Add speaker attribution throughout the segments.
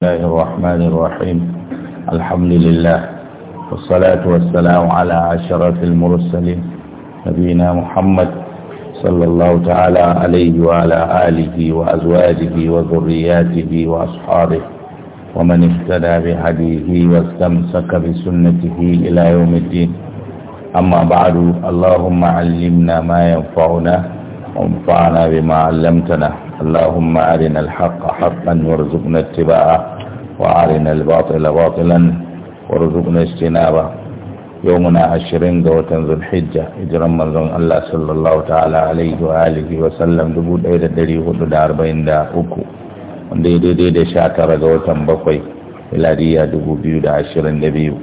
Speaker 1: الله الرحمن الرحيم الحمد لله والصلاة والسلام على أشرف المرسلين نبينا محمد صلى الله تعالى عليه وعلى آله وأزواجه وذرياته وأصحابه ومن اهتدى بهديه واستمسك بسنته إلى يوم الدين أما بعد اللهم علمنا ما ينفعنا وانفعنا بما علمتنا اللهم أرنا الحق حقا وارزقنا اتباعه وأرنا الباطل باطلا وارزقنا اجتنابه يومنا عشرين قوة ذو الحجة إجرم من الله صلى الله تعالى عليه وآله وسلم دبود أيضا دريه دار بين دا أكو daidai dai da sha tara ga watan bakwai miladiya dubu biyu da ashirin da biyu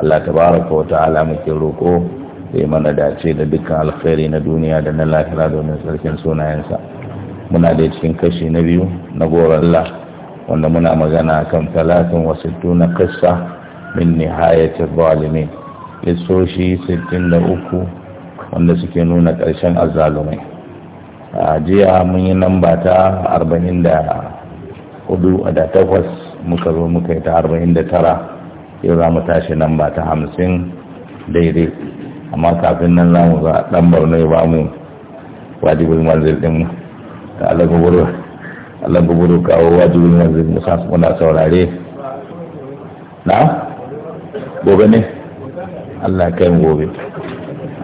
Speaker 1: Allah ta baraka wata ta'ala muke roƙo zai mana dace da dukkan alkhairi na duniya da na lahira domin sarkin sunayensa muna da cikin kashi na biyu na goron wanda muna magana kan talatin wasu tuna kasa min nihayatil zalimin lissoshi 63 wanda suke nuna ƙarshen azzalumai a jiya mun yi ba ta 44 da takwas muka zo muka yi ta 49 yau za mu tashi ba ta 50 daidai amma kafin nan za mu za ɗan barnai ba mu wajibin manzil ɗin ta alaƙa Allah ba gudu kawo wajibin yanzu musa muna saurare na gobe ne Allah kai gobe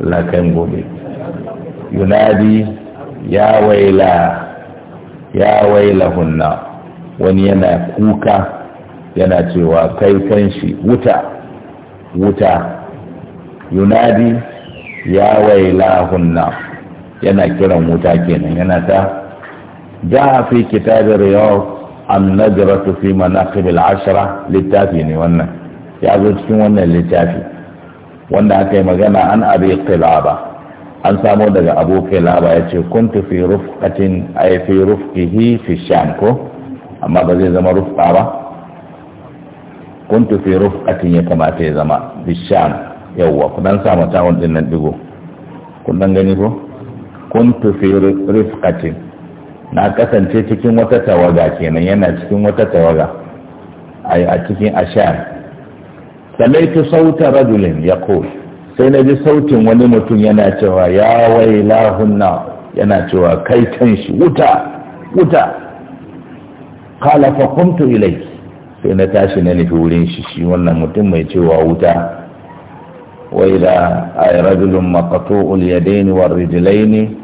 Speaker 1: Allah kai gobe yunadi ya waila ya waila hunna wani yana kuka yana cewa kai kan shi wuta wuta yunadi ya waila hunna yana kiran wuta kenan yana ta جاء في كتاب الرياض النجرة في مناقب العشرة Littafi ne يعزوج كم وانا للتافي وانا كي مجمع عن أبي قلابة an samo daga abu laba ya ce kuntu fi rufqatin ay fi rufqihi fi sham ko amma ba zai zama rufqa ba kuntu fi rufqatin ya kamata ya zama fi sham yawwa ku dan samu tawon din kun dan gani ko kuntu fi rufqatin na kasance cikin wata tawaga kenan yana cikin wata tawaga a cikin ashar salaitu sauta rajulin ya sai na ji sautin wani mutum yana cewa ya wai lahunna yana cewa kai can shi wuta wuta kala fa kumtu ilai sai na tashi na nufi wurin shi shi wannan mutum mai cewa wuta wai da a rajulun maqatu'ul yadaini war rijlaini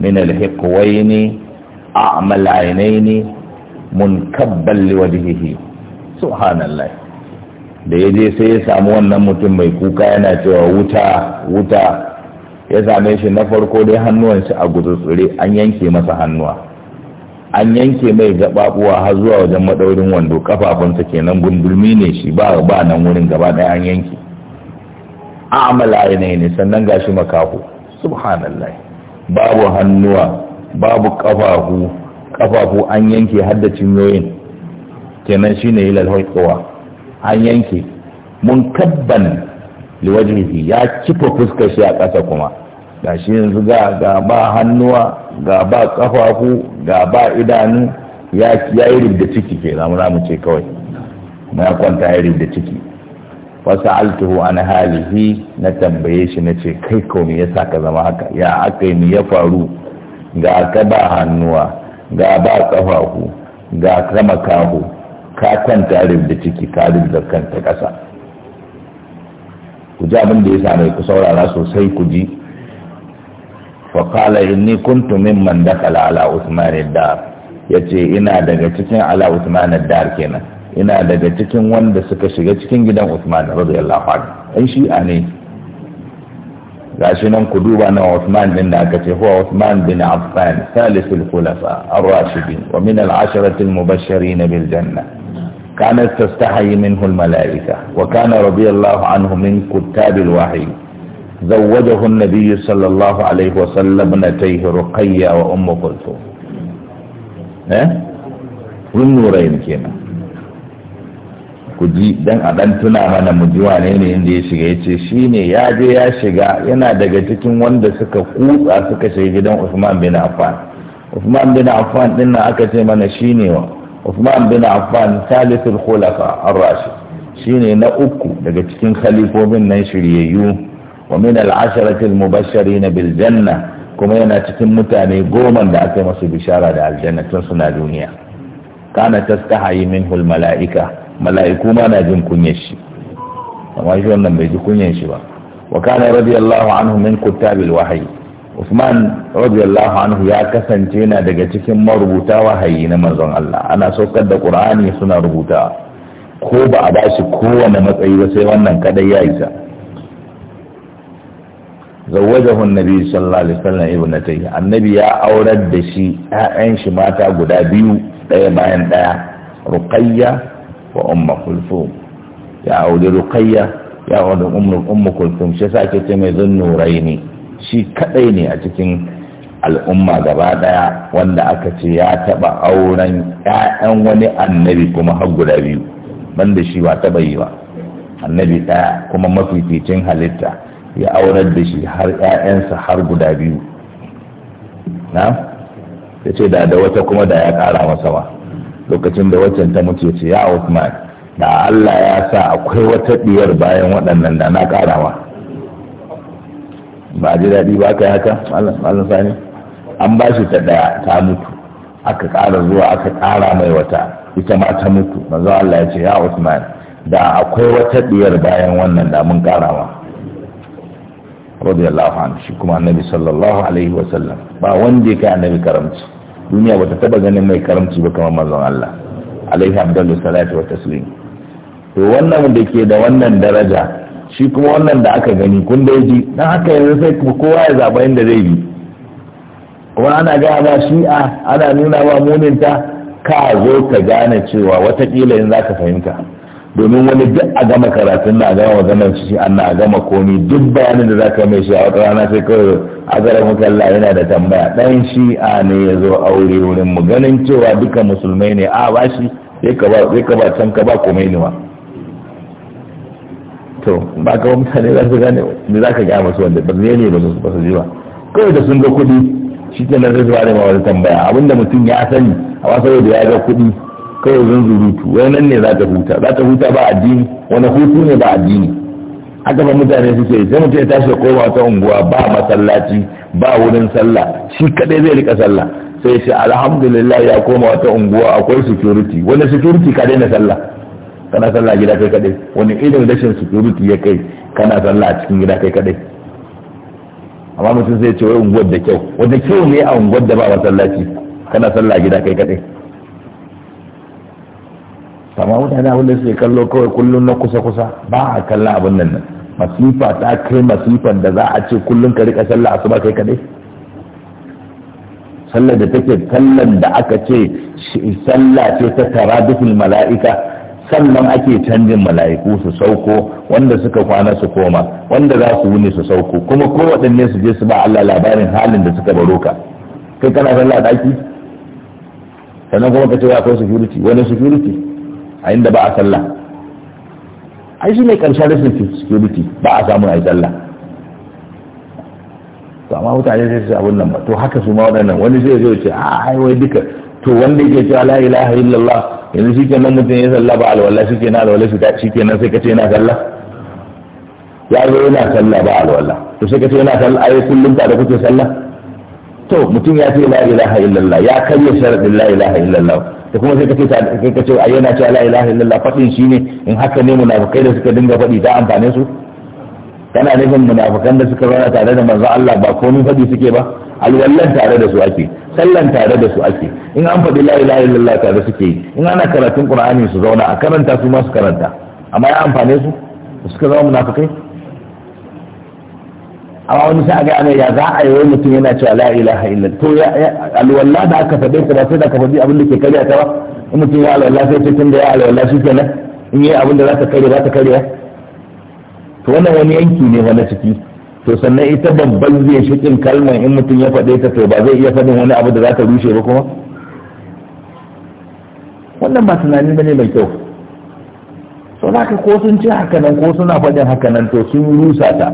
Speaker 1: min al-hiqwaini a'mal ainaini munkabban liwajhihi subhanallah da ya je sai ya samu wannan mutum mai kuka yana cewa wuta wuta ya same shi na farko dai hannuwan shi a gutsutsure an yanke masa hannuwa an yanke mai gababuwa har zuwa wajen madaurin wando kafafunsa kenan gundulmi ne shi ba ba nan wurin gaba ɗaya an yanke a'mal ne ne sannan gashi makaho subhanallah babu hannuwa babu kafafu kafafu an yanke hadda cinyoyin kenan shine ilal an yanke mun munkabban liwajihi ya kifa fuskar shi a ƙasa kuma ga shi yanzu ga ga ba hannuwa ga ba kafafu ga ba idanu ya yi rubda ciki ke zamu zamu ce kawai kuma ya kwanta ya rubda ciki wasu altuhu an halihi na tambaye shi na ce kai ko me yasa ka zama haka ya aka yi ya faru ga ka ba hannuwa ga ba ƙafafu ga ka makaho ka kwanta da ciki ka da kanta ƙasa ku ji abin da ya same ku saurara sosai ku ji faƙala inni kuntu mimman dakala ala usman dar ya ce ina daga cikin ala usman dar kenan ina daga cikin wanda suka shiga cikin gidan usman radiyallahu anhu ɗan shi'a ne gashi nan ku duba na Uthman din da aka ce huwa Uthman bin Affan salisul khulafa ar-rashidin wa min al-asharati al-mubashirin bil janna tastahi minhu al-malaika wa kana radiyallahu anhu min رضي al عنه zawwajahu an-nabiy sallallahu alayhi wa sallam عليه ruqayya wa رقية kulthum eh ها؟ والنورين kenan ku ji dan a ɗan tuna mana mu ji wane ne inda ya shiga ya ce shi ne ya je ya shiga yana daga cikin wanda suka kutsa suka shiga gidan Usman bin Affan Usman bin Affan din nan aka ce mana shi ne Usman bin Affan salisul khulafa ar-rashid shi ne na uku daga cikin khalifofin nan shiryayyu wa min al-asharati al-mubashirin bil janna kuma yana cikin mutane goma da aka yi masu bishara da aljanna tun suna duniya kana tastahayi minhu al-mala'ika mala'iku ma na jin kunyar shi amma shi wannan bai ji kunyar shi ba wa kana radiyallahu anhu min kuttabil wahayi Usman radiyallahu anhu ya kasance yana daga cikin marubuta wahayi na manzon Allah ana saukar da Qur'ani suna rubuta ko ba a bashi kowane matsayi ba sai wannan kadai ya isa zawajahu annabi sallallahu alaihi wasallam tayy annabi ya aurar da shi ƴaƴan shi mata guda biyu ɗaya bayan ɗaya ruqayya wa umma kulfu ya aure ruqayya ya wani umma ummu shi yasa ake ce mai zunnuraini shi kadai ne a cikin al'umma gaba ɗaya wanda aka ce ya taba auren ƴaƴan wani annabi kuma har guda biyu banda shi ba taɓa yi ba annabi ɗaya kuma mafificin halitta ya aurar da shi har ƴaƴansa har guda biyu na ya ce da da wata kuma da ya ƙara masa ba lokacin da waccan ta mutu ce ya Usman da Allah ya sa akwai wata diyar bayan waɗannan da na karawa ba ji daɗi ba ka yi haka Allah sani an ba shi ta ɗaya ta mutu aka ƙara zuwa aka ƙara mai wata ita ma ta mutu manzo Allah ya ce ya Usman da akwai wata diyar bayan wannan da mun karawa radiyallahu anhu shi kuma annabi sallallahu alaihi wasallam ba wanda ya kai annabi karamci duniya bata taba ganin mai karamci ba kamar manzon Allah alaihi abdullu salatu wa taslim to wannan da ke da wannan daraja shi kuma wannan da aka gani kun da yaji dan haka yanzu sai kowa ya zaba inda zai bi kuma ana gaya shi a, ana nuna wa muninta ka zo ka gane cewa watakila in za ka fahimta domin wani duk a gama karatun na a gama maganar shi an na gama komi duk bayanin da zaka mai shi a wata rana sai kawai azara muka Allah yana da tambaya dan a ne ya zo aure wurin mu ganin cewa duka musulmai ne a ba shi sai ka ba can ka ba komai ne ma to ba ka mutane za su gane ne za ka gaya musu wanda ba zai ne ba su ba su ji ba kawai da sun ga kuɗi shi ke nan zai zuwa da ma wani tambaya abinda mutum ya sani a wasu da ya ga kuɗi kai yanzu zurutu wai nan ne za ta huta za ta huta ba addini wani hutu ne ba addini haka ba mutane suke sai mutum ya tashi koma ta unguwa ba masallaci ba wurin sallah shi kadai zai rika sallah sai shi alhamdulillah ya koma ta unguwa akwai security wani security ka daina sallah kana sallah gida kai kadai wani irin rashin security ya kai kana sallah a cikin gida kai kadai amma mutum sai ce wai unguwar da kyau wanda kyau ne a unguwar da ba masallaci kana sallah gida kai kadai kamar mutane abin da suke kallo kawai kullum na kusa-kusa ba a kalla abin nan masifa ta kai masifan da za a ce kullum ka rika sallah suba kai kadai sallar da take sallar da aka ce sallah ce ta tara dukkan mala'ika sannan ake canjin mala'iku su sauko wanda suka kwana su koma wanda za su wuni su sauko kuma kowaɗanne su je su ba Allah labarin halin da suka baro ka kai kana sallah daki sannan kuma ka ce akwai security wani security a inda ba a sallah ai shi mai karshen rashin security ba a samu a yi sallah to amma mutane sai su abun nan ba to haka su ma waɗannan wani zai zo ce a ah, ai wai duka to wanda yake cewa la ilaha illallah yanzu shi nan mutum ya sallah ba alwala shi na alwala shi shi nan sai ka ce yana sallah ya zo yana sallah ba alwala to sai ka ce yana sallah ai kullum ta da kuke sallah to mutum ya ce la ilaha illallah ya karya sharadin la ilaha illallah da kuma sai kace sai kace a yana cewa la ilaha illallah fadin shine in haka ne munafikai da suka dinga fadi da amfane su kana nufin munafikan da suka zauna tare da manzo Allah ba komai fadi suke ba alwallan tare da su ake sallan tare da su ake in an fadi la ilaha illallah tare suke yi in ana karatun qur'ani su zauna a karanta su ma su karanta amma ya amfane su suka zama munafikai amma wani sai a ga ne ya za a yi wani mutum yana cewa la ilaha illa to ya alwala da aka faɗe ta ba sai da ka faɗi abin da ke karya ta ba in mutum ya alwala sai ce tun da ya alwala shi kenan in yi abin da za ka karya za ta karya to wannan wani yanki ne wani ciki to sannan ita babban zai shikin kalmar in mutum ya fade ta to ba zai iya faɗin wani abu da za ka rushe ba kuma wannan ba tunani bane mai kyau sau da ko sun ce hakanan ko suna faɗin hakanan to sun rusa ta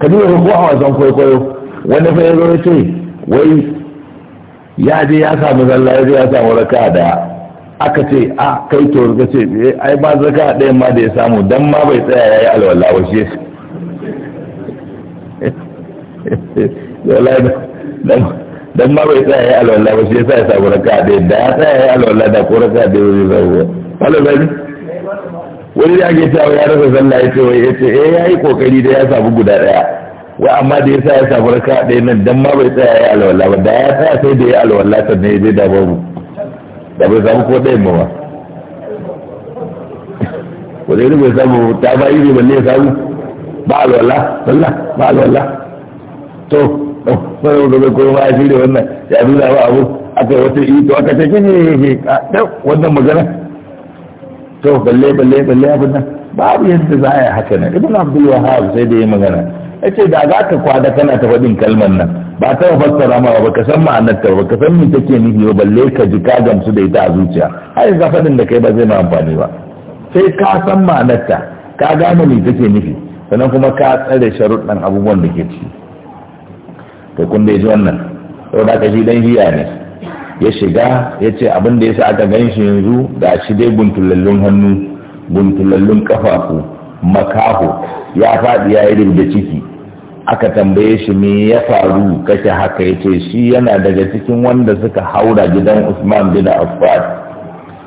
Speaker 1: ka duba ko a wasan kwaikwayo wani fa ya zo ce wai ya je ya samu zalla ya je ya samu raka daya aka ce a kai to ka ce eh, ai ba zaka ɗayan ma da ya samu dan ma bai tsaya ya yi alwala ba shi dan ma bai tsaya ya yi alwala ba shi ya sa ya samu raka da ya tsaya ya yi alwala da ko raka da ba zai samu ba wani da ake cewa ya rasa sallah ya ce wai ya ce eh ya yi kokari da ya samu guda ɗaya wai amma da ya sa ya samu raka ɗaya nan dan ma bai tsaya ya alwala ba da ya tsaya sai da ya alwala sannan ya je da babu da bai samu ko ɗayan ba wani ne bai samu ta ba yi balle ya samu ba alwala sallah ba alwala to wani wanda bai ko ba ya shirya wannan ya duna ba abu wata yi to aka ce ke wannan magana to balle balle balle abin nan babu yadda za a yi haka nan ibn abdul wahab sai da ya magana ce da za ka kwada kana ta faɗin kalmar nan ba ta fassara ma ba ka san ma'anar ta ba ka san me take nufi ba balle ka ji ka gamsu da ita a zuciya har yanzu faɗin da kai ba zai ma amfani ba sai ka san ma'anar ta ka gane me take nufi sannan kuma ka tsare sharuɗan abubuwan da ke ciki to kun da ji wannan saboda ka shi dan hiya ne ya shiga ya ce abin da ya sa aka gan shi yanzu da shi dai buntulallun hannu buntulallun kafafu makaho ya faɗi ya yi da ciki aka tambaye shi me ya faru kashe haka ya ce shi yana daga cikin wanda suka haura gidan usman bin affan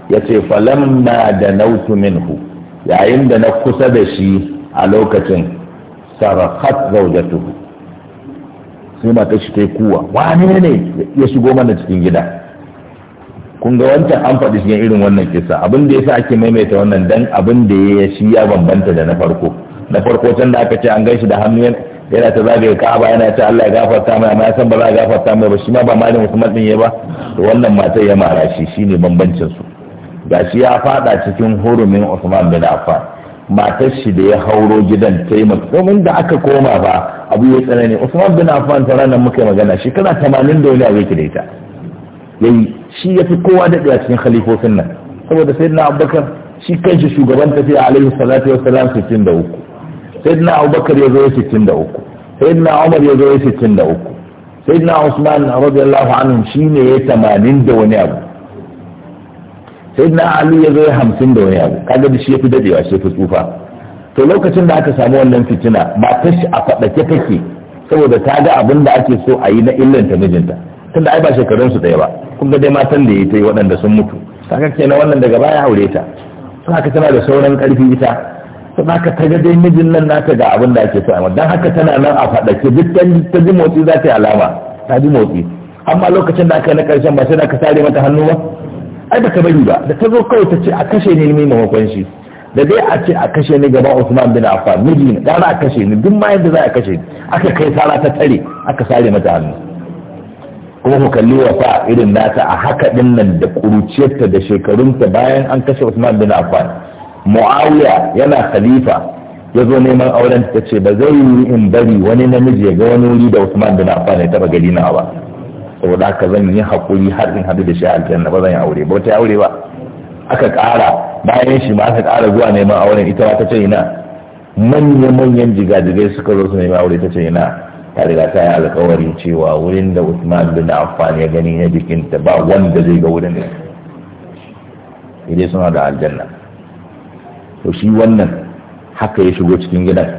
Speaker 1: ya ce falamma da nautu minhu yayin da na kusa da shi a lokacin sarakat zaujatuhu sai ta shi ta yi kuwa wane ne ya shigo mana cikin gida kun ga wancan an faɗi cikin irin wannan kisa abin da yasa ake maimaita wannan dan abin da ya shi ya bambanta da na farko na farko can da aka ce an shi da hannu yana ta zagaye ka'aba yana ta Allah ya gafarta mai amma ya san ba za a gafarta mai ba shi ma ba malin musamman din ya ba to wannan matar ya mara shi shine bambancin su Ga shi ya fada cikin hurumin Usman bin Affan matar shi da ya hauro gidan taimaka domin da aka koma ba abu ya tsanani Usman bin Affan ta ranar muka magana shekara tamanin da wani abu yake da ita yayi shi ya fi kowa da a cikin khalifofin nan saboda sai na abubakar shi kanshi shugaban tafiya alaihi salatu wa salam 63 sai na abubakar ya zo ya 63 sai na umar ya zo ya 63 sai na usman radiyallahu anhu shi ne ya 80 da wani abu sai na ali ya zo ya 50 da wani abu kaga da shi ya fi daɗewa shi ya fi tsufa to lokacin da aka samu wannan fitina ba ta shi a faɗake take saboda ta ga abin da ake so a yi na illanta mijinta tunda ai ba shekarun su daya ba kun ga dai matan da ya ta yi waɗanda sun mutu kaga kenan wannan daga baya aure ta to haka tana da sauran karfi ita to haka ta ga dai mijin nan nata ga abin da ake so dan haka tana nan a faɗace duk ta ji motsi za ta yi alama ta ji motsi amma lokacin da aka na karshen ba sai da ka sare mata hannu ba ai baka bari ba da ta zo kawai ta ce a kashe ni mai maimakon shi da dai a ce a kashe ni gaban Usman bin Affan miji ne da a kashe ni duk ma yadda za a kashe ni aka kai sara ta tare aka sare mata hannu kuma ku kalli wa fa irin nata a haka din nan da kuruciyarta da shekarunta bayan an kashe Usman bin Affan Muawiya yana khalifa ya zo neman auren ta ce ba zai yi in bari wani namiji ya ga wani wuri da Usman bin Affan ya taba gari na ba saboda haka zan yi hakuri har in hadu da shi a aljanna ba zan yi aure ba ta aure ba aka ƙara bayan shi ma aka ƙara zuwa neman auren ita ma ta ce ina manya manyan jigajigai suka zo su neman aure ta ce ina ta riga ta yi alkawarin cewa wurin da usman bin affan ya gani na jikinta ba wanda zai ga wurin idai suna da aljanna to shi wannan haka ya shigo cikin gidan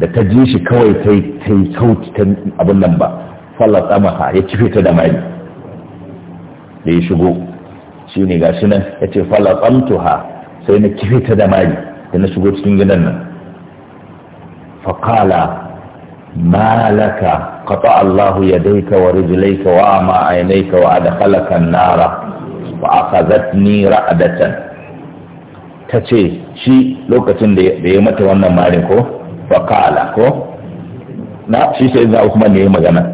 Speaker 1: da ta ji shi kawai ta yi sauti ta abin nan ba sallar tsamaha ya cife ta da mai da ya shigo shi ne ga shi nan ya ce fallar tsamtuha sai na kife ta da mai da na shigo cikin gidan nan faƙala malaka قطع الله يديك ورجليك وأعمى عينيك وأدخلك النار وأخذتني رعدة تشي شي لوكتين دي يمت وانا مالكو فقال كو na shi sai na Uthman ne magana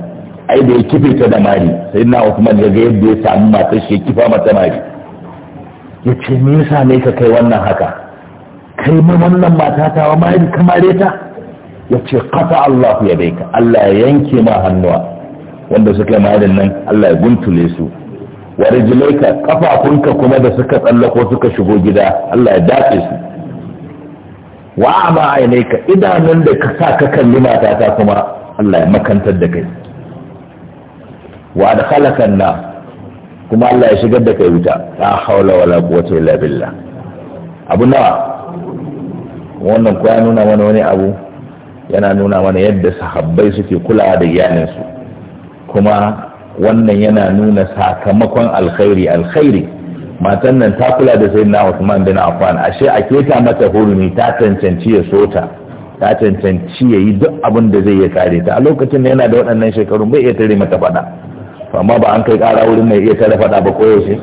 Speaker 1: ai da ya kife ta da mari sai na Uthman ya ga yadda ya samu mata shi kifa mata mari ya ce me yasa ne ka kai wannan haka kai ma wannan mata ta wa mari kamar ta ya ce kafa Allah ya daika Allah ya yanke ma hannuwa wanda suka yi maharin nan Allah ya guntule su wa ka kafafunka kuma da suka tsallako suka shigo gida Allah ya dace su wa ama ainaika idanun da ka sa ka kalli matata kuma Allah ya makantar da kai wa adkhalaka na kuma Allah ya shigar da kai wuta la haula wala quwwata illa billah abu na wannan ko ya nuna mana wani abu yana nuna mana yadda sahabbai suke kula da iyalinsu kuma wannan yana nuna sakamakon alkhairi alkhairi matan nan ta kula da sai na Usman bin Affan ashe a keta mata hurumi ta cancanci ya sota ta cancanci ya yi duk abin da zai ya kare ta a lokacin da yana da waɗannan shekaru, bai iya tare mata faɗa amma ba an kai ƙara wurin mai iya tare fada ba koyaushe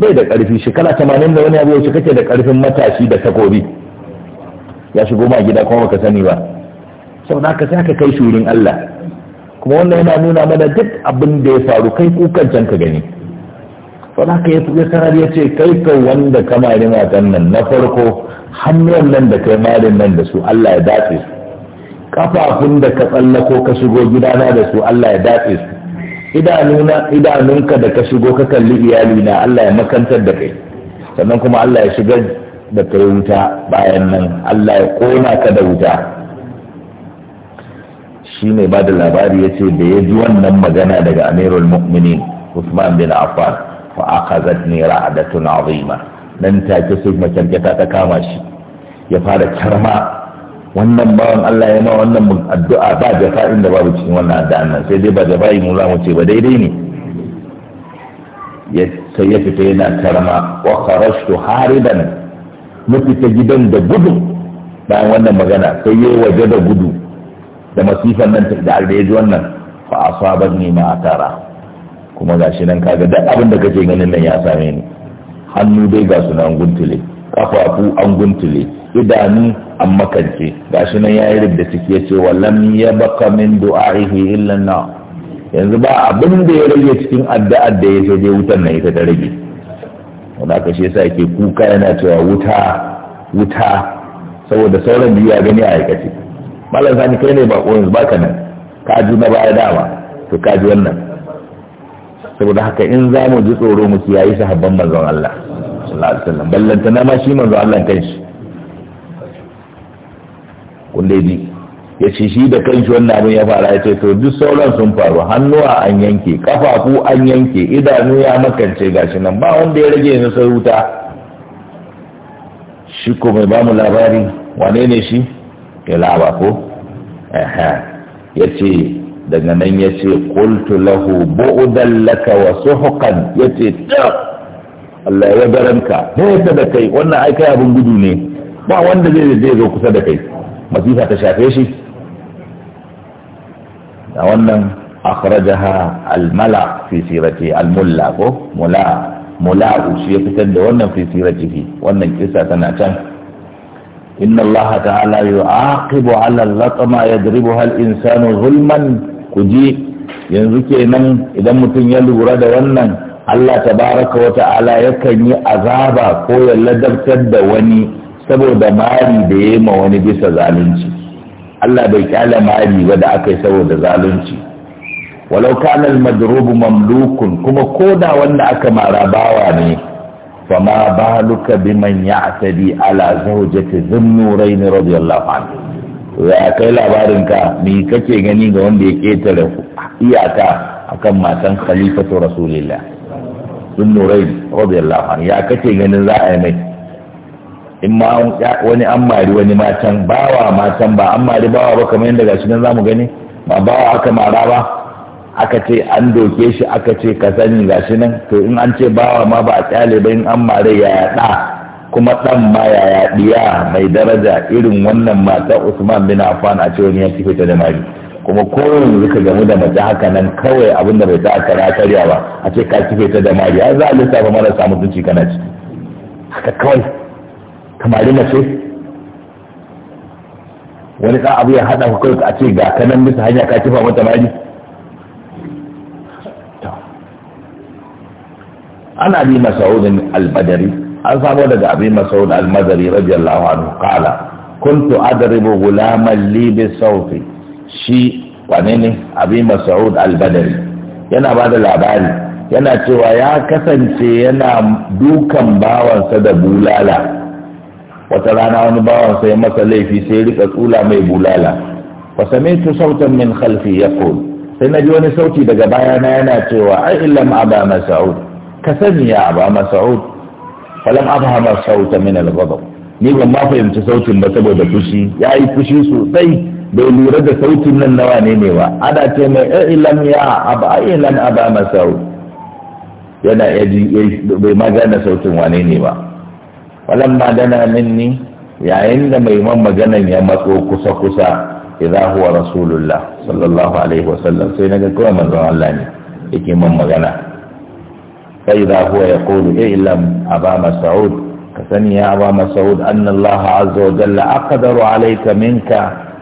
Speaker 1: bai da ƙarfi shekara tamanin da wani abu yaushe kake da ƙarfin matashi da takobi ya shigo ma gida kuma baka sani ba sau da ka sai kai shirin Allah kuma wannan yana nuna mana duk abin da ya faru kai kukan can ka gani sau da ka ya sanar ya ce kai ka wanda ka mari matan nan na farko hannun nan da kai marin nan da su Allah ya dace su kafafun da ka tsallako ka shigo gidana da su Allah ya dace su idanunka da ka shigo ka kalli iyali na Allah ya makantar da kai sannan kuma Allah ya shigar da kai wuta bayan nan Allah ya kona ka da wuta shi mai ba da labari ya ce da ya ji wannan magana daga amirul mu'minin usman bin affan fa akhazat ni ra'datun azima nan take sai makyarketa ta kama shi ya fara karma wannan bawan Allah ya ma wannan addu'a ba da fa'in da babu cikin wannan addu'a nan sai dai ba da bayi mu zamu ce ba daidai ne sai ya fita yana karma wa kharashtu hariban mu fita gidan da gudu bayan wannan magana sai ya waje da gudu da masifan nan da da ya ji wannan fa asabar nema ma tara kuma ga shi nan kaga duk abin da kake ganin nan ya same ni hannu dai ga su nan guntule kafafu an guntule idanu an makance Ga shi nan yayi da ciki yace wallam ya baka min du'aihi illa na yanzu ba abin da ya rage cikin addu'ar da ya je dai wutar nan ita ta rage wanda aka shi yasa yake kuka yana cewa wuta wuta saboda sauran biyu ya gani a aikace malam sani kai ne bako yanzu ka nan ka ji na baya dama to ka ji wannan saboda haka in za mu ji tsoro mu kiyaye habban manzon Allah sallallahu alaihi wasallam ballanta na ma shi manzon Allah kanshi kun dai ji ya ce shi da kanshi wannan abin ya fara ya ce to duk sauran sun faru hannuwa an yanke kafafu an yanke idanu ya makance gashi nan ba wanda ya rage yanzu sai wuta shi ko mai bamu labari wane ne shi kilaba ko aha yace daga nan yace qultu lahu bu'dan laka wa suhqan yace ta Allah ya garanka sai ta da kai wannan ai kai abin gudu ne ba wanda zai zai zo kusa da kai masifa ta shafe shi da wannan akhrajaha al-mala fi sirati al-mulla ko mula mula shi ya fitar da wannan fi siratihi wannan kisa tana can إن الله تعالى يعاقب على اللطمة يضربها الإنسان ظلما كجي ينزكي نن إذا متن يلغر دوانا الله تبارك وتعالى يكني عذابا كوي لدب تد وني سبو دماري بيما وني بيس ظالنشي الله بيكال ماري ودعك سبو ظالنشي ولو كان المضروب مملوك كما كودا وانا أكما رباواني فما بالك بمن يعتدي على زوجة ذي النورين رضي الله عنه ya kai labarinka me kake gani ga wanda ya ketare iyaka akan matan khalifatu rasulillah sun nurai allah anhu ya kake gani za a yi mai in ma wani an mari wani matan bawa matan ba an mari bawa ba kamar yadda gashi nan zamu gani ba bawa aka mara ba aka ce an doke shi aka ce ka sani gashi nan to in an ce bawa ma ba a kyale ba in an mare ya ɗa kuma ɗan ma ya yadiya mai daraja irin wannan mata usman bin affan a ce wani ya ci fita da mari kuma kowane zuka gamu da mace haka nan kawai abin da bai ta kara karya ba a ce ka ci fita da mari har za a lissafa marasa mutunci kana ci haka kawai kamari mace wani ɗan abu ya haɗa ku kawai a ce ga kanan bisa hanya ka kifa mata mari ana bi mas'ud al-badri an samu daga abi masaud al-madari radiyallahu anhu qala kuntu adribu gulaman li bi sawti shi wane ne abi mas'ud al-badri yana da labari yana cewa ya kasance yana dukan bawansa da bulala wata rana wani bawansa ya masa laifi sai rika tsula mai bulala fa sami'tu sautan min khalfi yaqul sai naji wani sauti daga bayana yana cewa ai illam aba mas'ud ka sani ya aba mas'ud falam afhama sauta min al ni ban ma fahimci sautin ba saboda fushi yayi fushi sosai bai lura da sautin nan na wane ne ba ana ce mai eh, ilam ya aba ilam aba Sauta yana yaji bai ma gane sautin wane ne ba falam ma dana minni yayin da mai man maganan ya matso kusa kusa idan huwa rasulullah sallallahu alaihi wasallam sai naga kawai manzon Allah ne yake man magana فإذا هو يقول اعلم أبا مسعود كثني يا أبا مسعود أن الله عز وجل أقدر عليك منك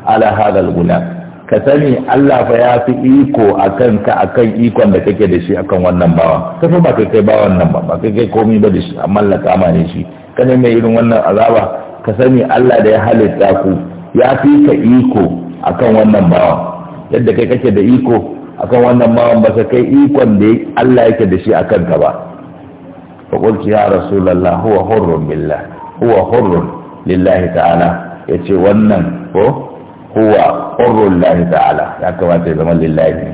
Speaker 1: على هذا الغلام كثني ألا فياتي إيكو أكن كأكن إيكو أن تكي دشي أكن والنباوة كيف ما كي باوة النباوة ما كي كومي بدشي أمان لك أمان شي كان يمي إلو ونن أذابة كثني ألا دي حالي تاكو ياتي كإيكو أكن والنباوة يدك كي كي دا إيكو akan wannan mawan ba kai ikon da Allah yake da shi a ka ba fa qultu ya rasulullah huwa hurrun billah huwa hurrun lillahi ta'ala yace wannan ko huwa hurrun lillahi ta'ala ya kamata ya zama lillahi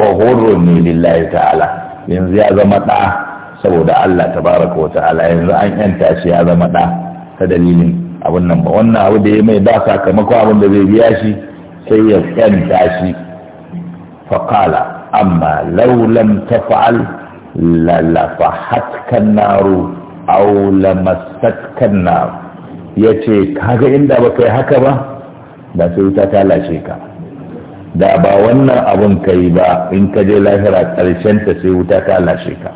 Speaker 1: wa hurrun ne lillahi ta'ala yanzu ya zama da saboda Allah tabaraka wa ta'ala yanzu an yanta shi ya zama da ta dalilin abun nan ba wannan abu da ya mai ba sakamakon abin da zai biya shi sai ya yanta shi فقال amma لو لم تفعل للفحتك النار أو لمستك النار yace kaga inda baka haka ba da sai wuta ta lashe ka da ba wannan abun ka ba in ka je lahira karshen ta sai wuta ta lashe ka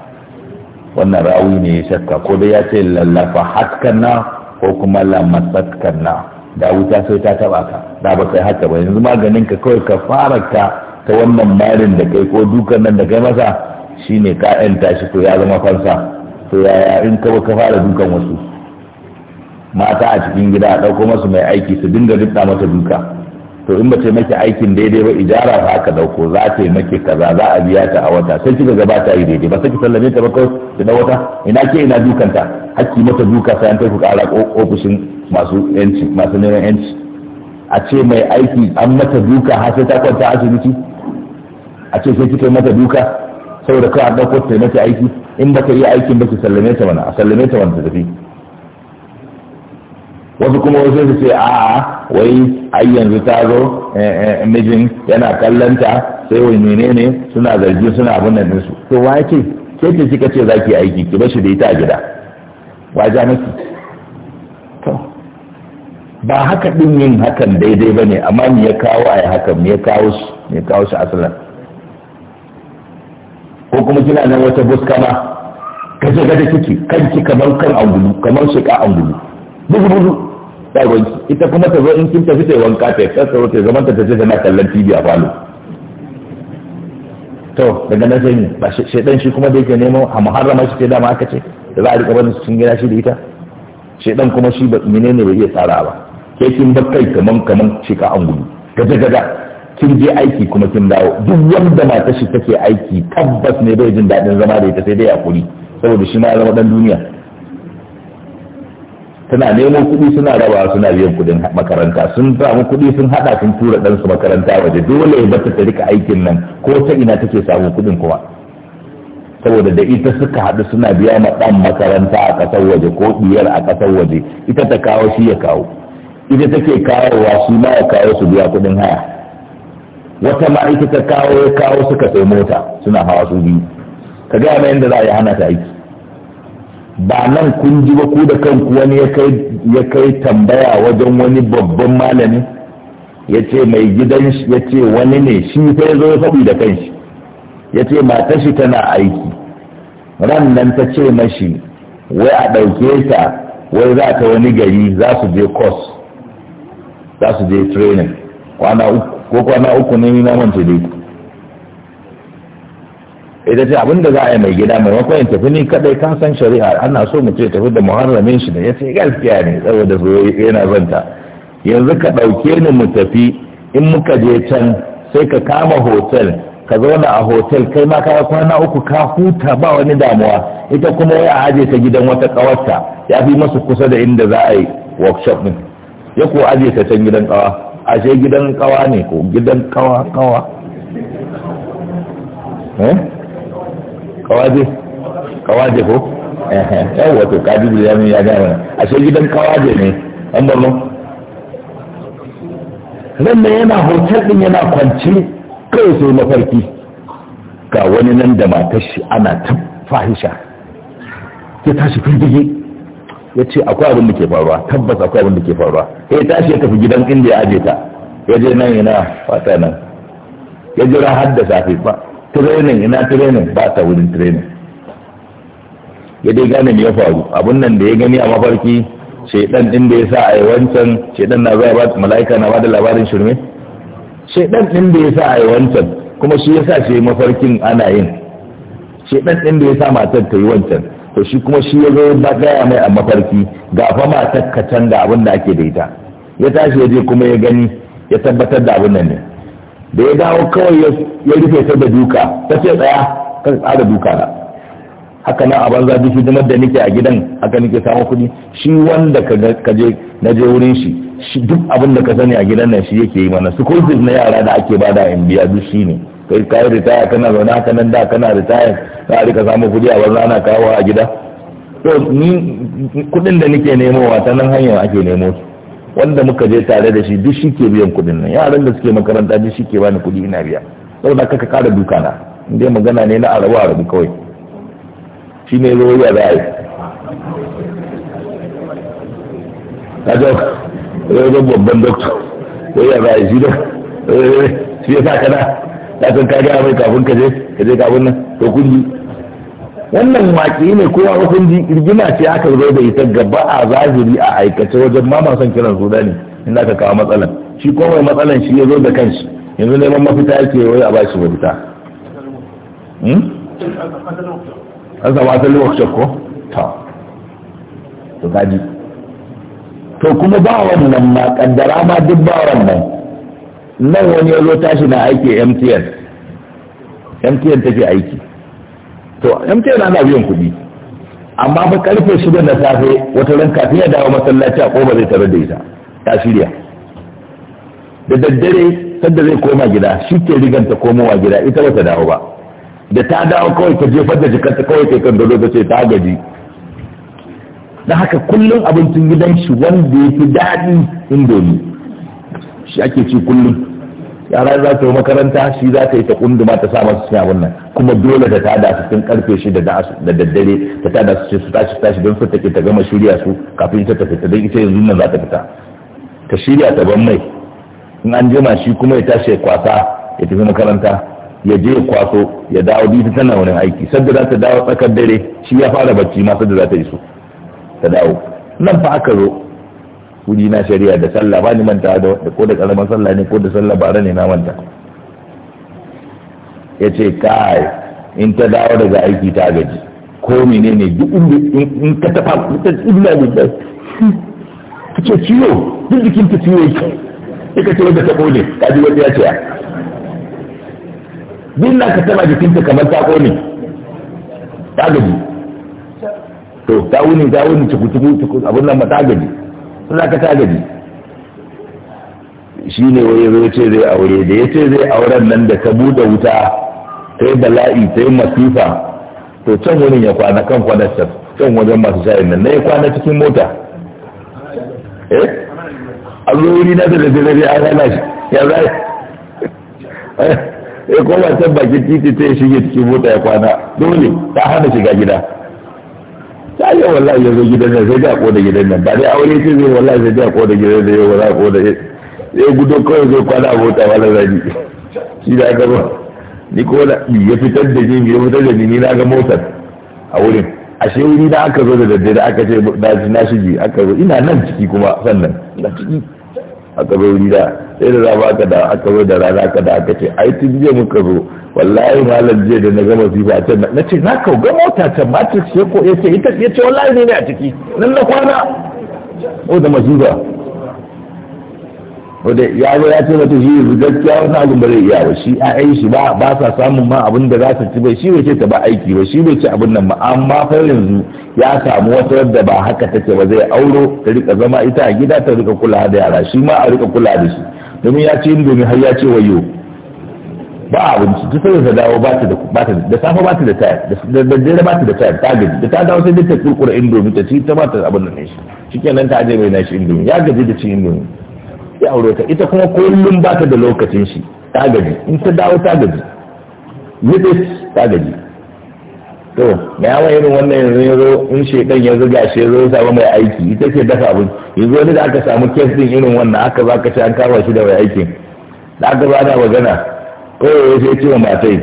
Speaker 1: wannan rawi ne ya shakka ko dai ya ce lallafa hatkanna ko kuma lamatsatkanna da wuta sai ta taba ka da ba haka ba yanzu maganin ka kawai ka fara ka ta wannan marin da kai ko dukan nan da kai masa shine ka yanta shi to ya zama fansa to yaya in ka ka fara dukan wasu mata a cikin gida a ɗauko masu mai aiki su dinga rika mata duka to in ba ta maki aikin daidai ba ijara ba ka dauko za ta yi maki kaza za a biya ta a wata sai kika gaba ta yi daidai ba sai ki sallame ta ba ko ki dawo wata ina ke ina dukanta hakki mata duka sai an kai ku kara ofishin masu yanci masu neman yanci a ce mai aiki an mata duka har sai ta kwanta asibiti a ce sai kika mata duka saboda kawai a ɗauko ta mata aiki in ba ka yi aikin ba ki sallame ta mana a sallame ta mana ta tafi wasu kuma wasu su ce a wai ai yanzu ta zo eh, eh, mijin yana kallanta sai wai menene suna zargi suna abin nan su to wa ce ke ce kika ce za ki aiki ki bashi da ita a gida wa ja miki to ba haka din yin hakan daidai ba ne amma me ya kawo a yi hakan me ya kawo shi me ya kawo shi asalin kuma kina nan wata buska Ka kaje gada kike kanki kamar kan angulu kamar shika angulu bugu bugu ta gwanki ita kuma ta zo in kin tafi ta wanka ta tsasa ta zaman ta tace tana kallon TV a falo to daga nan sai ba shedan shi kuma da yake nemo a muharrama shi ce dama aka ce da za a riƙa barin cikin gida shi da ita shedan kuma shi ba menene bai iya tsara ba ke kin bakkai kaman kaman shika angulu gaje gaga kin je aiki kuma kin dawo duk wanda mata shi take aiki tabbas ne bai jin daɗin zama da ita sai dai hakuri saboda shi ma ya zama dan duniya tana neman kuɗi suna raba suna biyan kuɗin makaranta sun samu kuɗi sun haɗa sun tura ɗansu makaranta waje dole ya bata ta rika aikin nan ko ta ina take samun kuɗin kuma saboda da ita suka haɗu suna biya ma ɗan makaranta a ƙasar waje ko ɗiyar a ƙasar waje ita ta kawo shi ya kawo ita take kawowa shi ma ya kawo su biya kuɗin haya wata ma'aikata ta kawo ya kawo suka sai mota suna hawa su biyu ka gaya mai yadda za a yi hana ta aiki ba nan kun ji ba ku da kanku wani ya kai tambaya wajen wani babban malami ya ce mai gidan shi ya ce wani ne shi sai ya zo ya faɗi da kanshi ya ce matar shi tana aiki ran nan ta ce mashi wai a ɗauke ta wai za ta wani gari za su je course za su je training kwana uku ko kwana uku ne na mance dai ita ce abinda za a yi mai gida maimakon in tafi ni kadai ka san shari'a ana so mu ce tafi da muharramin shi da ya ce gaskiya ne saboda su yana zanta yanzu ka ɗauke ni mu tafi in muka je can sai ka kama hotel ka zauna a hotel kai ma kaya kwana uku ka huta ba wani damuwa ita kuma ya aje ta gidan wata kawarta ya fi masu kusa da inda za a yi workshop din ya ko aje ta can gidan kawa ashe gidan kawa ne ko gidan kawa kawa eh kawaje kawaje ko eh eh wato bi bilamin ya wani ashe gidan kawaje ne an ballo nan da yana hotel din yana kwanci kai sai mafarki ga wani nan da matar shi ana ta fahisha ta tashi firgige ya ce akwai abin da ke faruwa tabbas akwai abin da ke faruwa ya tashi ya tafi gidan inda ya aje ta ya je nan ina fata nan ya jira har da safe ba training ina training ba ta wurin training ya dai gane me ya faru abun nan da ya gani a mafarki shaidan din da ya sa a yi wancan shaidan na zai ba mala'ika na bada labarin shirme shaidan din da ya sa a yi wancan kuma shi ya sa shi mafarkin ana yin shaidan din da ya sa matar ta yi wancan to shi kuma shi ya zo ba gaya mai a mafarki ga fa matar ka can da abin da ake da ita ya tashi ya je kuma ya gani ya tabbatar da abin nan ne da ya dawo kawai ya rufe ta da duka ta ce tsaya ka tsara duka na haka nan a banza duk hidimar da nake a gidan haka nake samu kuɗi shi wanda ka je na je wurin shi duk abin da ka sani a gidan nan shi yake yi mana su na yara da ake bada in biya duk shi ne kai ka yi ritaya kana zaune haka nan da kana ritaya za a rika samun kuɗi a wani ana kawo a gida to ni kuɗin da nake nemowa ta nan hanyar ake nemo su wanda muka je tare da shi duk shi ke biyan kuɗin nan yaran da suke makaranta duk shi ke bani kuɗi ina biya saboda kaka kara duka na in magana ne na arabu arabu kawai shi ne zo ya za a yi kajo eh, babban doktor ya za a yi shi da eh, shi ya sa kana ka san ka gaya mai kafin ka je ka je kafin nan to kun ji wannan waƙi ne kowa wasan ji rigima ce aka zo da ita gaba a zahiri a aikace wajen ma masan kiran suna ne inda aka kawo matsalan shi ko mai matsalan shi ya zo da kanshi yanzu neman mafita yake wai a bashi mafita hmm? an samu asalin workshop ko ta to kaji to kuma ba wannan ma kaddara ma duk ba wannan nan wani ya zo tashi na aiki mtn mtn take aiki to mtn ana biyan kuɗi amma fa karfe shida na safe wata ran kafin ya dawo masallaci a ƙoba zai tare da ita ta shirya da daddare sadda zai koma gida shi ke riganta komowa gida ita ba ta dawo ba da ta dawo kawai ta jefar da jikarta kawai yi kan dole ta ce ta gaji da haka kullum abincin gidan shi wanda ya fi daɗi indomi shi ake ci kullum yara za ta yi makaranta shi za ta yi ta kunduma ta sa masu cin abin nan kuma dole ta tada su cikin karfe shi da daddare ta tada su ce su tashi tashi don su take ta gama shirya su kafin ita ta fita don ita yanzu nan za ta fita ta shirya ta ban mai in an jima shi kuma ya tashi ya kwasa ya tafi makaranta ya je kwaso ya dawo bi tana wani aiki sadda za ta dawo tsakar dare shi ya fara bacci ma sadda za ta iso ta dawo nan fa aka zo wuri na shari'a da sallah ba ni manta da ko da karamar sallah ne ko da sallah bara ne na manta ya ce kai in ta dawo daga aiki ta gaji ko mene ne duk in ka tafa ta illa ne da ta ce ciwo duk jikin ta ciwo ya ka ce wanda ta kone ka ji wata ya ce duk na ka tana jikin ta kamar ta kone ta gaji to ta wuni ta wuni tukutuku abin nan ma ta gaji sun aka ta gaji shi ne wai zai ce zai aure da ya ce zai auren nan da ka buɗe wuta ta yi bala'i ta yi masifa to can wani ya kwana kan kwanarsa can wajen masu shayin nan na ya kwana cikin mota eh a wuri na da zai zai an hana shi ya zai eh, ya koma can bakin titi ta yi shige cikin mota ya kwana dole ta hana shiga gida ta yi wallahi ya zo gidan nan sai ga ko da gidan nan ba dai aure ce zai wallahi sai ga ko da gidan da yau za ko da ya gudu kawai zai kwana abota wala zani shi da aka ba ni ko da ya fitar da ni ya fitar da ni ni na ga motar a wurin ashe wuri na aka zo da daddare aka ce na shige aka zo ina nan ciki kuma sannan na ciki aka zo wuri da sai da za ba aka da aka zo da rana aka da aka ce ai tun jiya muka zo wallahi malam jiya da na gama ziba ta na ce na kau ga mota ta matrix ya ko ya ce ita ya ce wallahi ne ne a ciki nan na kwana o da o da ya zo ya ce mata shi gaskiya wani abin ba zai iya ba shi a shi ba sa samun ma abin da za su ci bai shi bai ce ta ba aiki ba shi bai ce abin nan ba amma fa yanzu ya samu wata da ba haka take ba zai auro ta rika zama ita a gida ta rika kula da yara shi ma a rika kula da shi domin ya ce indomi har ya ce wayo ba abinci duk sai ta dawo ba ta da ba ta da safa ba ta da tayar da da ba ta da tayar ta gaji da ta dawo sai duk ta kurkura indomi ta ci ta ba ta abin nan shi shikenan ta je mai nashi indomi ya gaji da ci indomi ya aure ta ita kuma kullum ba ta da lokacin shi ta gaji in ta dawo ta gaji midis ta gaji to me yawa irin wannan yanzu ya zo in shekan ya zuga shi ya zo ya samu mai aiki ita ce dafa abin yanzu wani da aka samu kes din irin wannan aka za ka ci an kawo shi da mai aikin da aka ba da magana kawai sai ce wa matai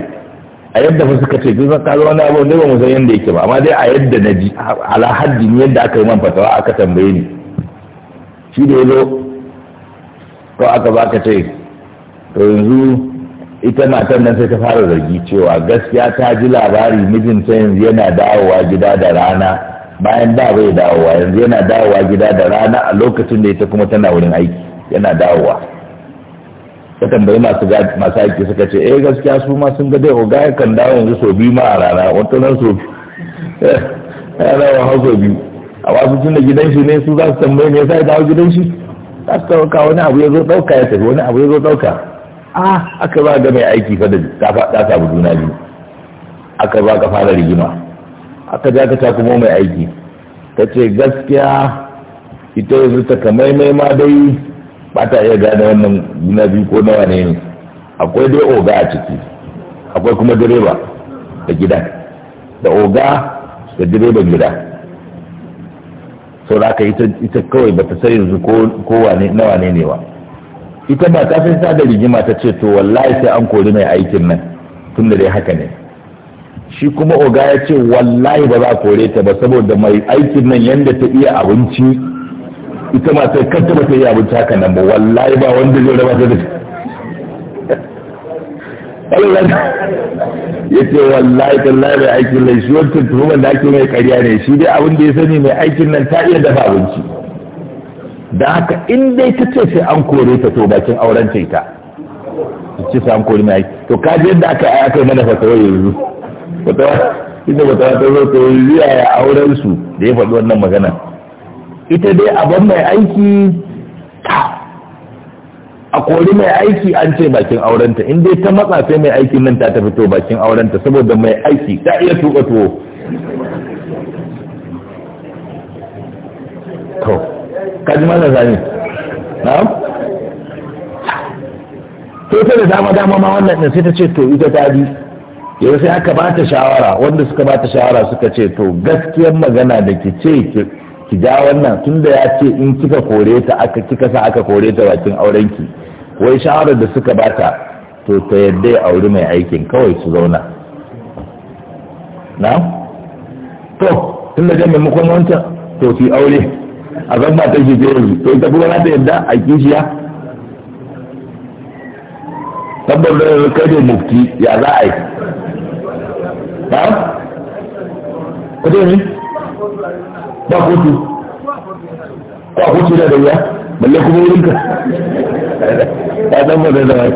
Speaker 1: a yadda fa suka ce duk kazo wani abu ne ba mu san yadda yake ba amma dai a yadda na ji ala haddin yadda aka yi man fatawa aka tambaye ni shi da yazo to aka ba ka ce to yanzu ita matan nan sai ta fara zargi cewa gaskiya ta ji labari mijinta yanzu yana dawowa gida da rana bayan da bai dawowa yanzu yana dawowa gida da rana a lokacin da ita kuma tana wurin aiki yana dawowa ka tambayi masu masu aiki suka ce eh gaskiya su ma sun ga dai ga ya kan dawo yanzu so biyu ma a rana wata nan so ya dawo har so biyu a wasu tun da gidan shi ne su za su tambayi me yasa ya dawo gidan shi za su ɗauka wani abu ya zo ɗauka ya tafi wani abu ya zo ɗauka a aka ba ga mai aiki fa da ta samu juna biyu aka ba ka fara rigima aka ja ka takumo mai aiki ta ce gaskiya ita yanzu ta kamaimai ma dai ba ta iya gane wannan na biyu ko nawa ne ne akwai dai oga a ciki akwai kuma direba da gida da oga da direban gida sau da aka ita kawai ba ta sai yanzu ko nawa ne ne ba ita ba ta fi sada rigima ta ce to wallahi sai an kori mai aikin nan tun da dai haka ne shi kuma oga ya ce wallahi ba za a kore ta ba saboda mai aikin nan yadda ta iya abinci ita ma sai kanta ba ta yi abinci haka nan ba wallahi ba wanda zai raba ta da Allah ya ce wallahi tallahi mai aikin lai shi wancan tuhumar da ake mai karya ne shi dai abin da ya sani mai aikin nan ta iya dafa abinci da haka in dai ta ce sai an kore ta to bakin auren ta ita ce sai an kore mai to kaji yadda aka yi aka yi mana fatawa yanzu fatawa ita fatawa ta zo to yaya auren su da ya faɗi wannan magana ita dai abin mai aiki ta a kori mai aiki an ce bakin aurenta in dai ta matsa sai mai aiki nan ta tafi to bakin aurenta saboda mai aiki ta iya tuka tuwo to kaji mana zane na to ta da dama dama ma wannan ɗin sai ta ce to ita ta bi yau sai aka ba ta shawara wanda suka ba ta shawara suka ce to gaskiyar magana da ke ce ki ki ja wannan tunda ya ce in kika kore ta aka kika sa aka kore ta bakin auren ki wai shawarar da suka bata to ta yadda ya auri mai aikin kawai su zauna na to tun da jami'in mukon wancan to fi aure a zan ba ta shi ke yanzu to ita kuma ta yadda a kishiya da yanzu kai ne mufti ya za a yi
Speaker 2: na? kudu ne? ba kotu
Speaker 1: ko a da dariya balle kuma ka ya san ba da zama ya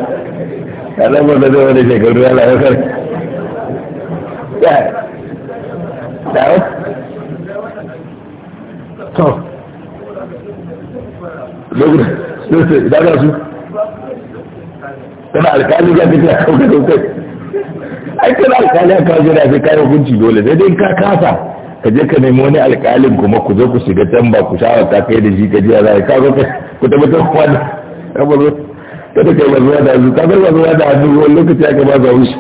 Speaker 1: san ba da zama da shekaru ya lafi
Speaker 2: ya dawo to lokacin da ga su tana alkali ya fi ta kai ai tana
Speaker 1: sai hukunci dole sai dai ka kasa ka je ka nemi wani alƙalin kuma ku zo ku shiga can ba ku shawarta kai da shi ka jiya za ka zo ku tabbatar kuma da kamar zo kada kai ba zuwa da hannu ka zo ba zuwa da hannu wani lokaci aka ba za wuce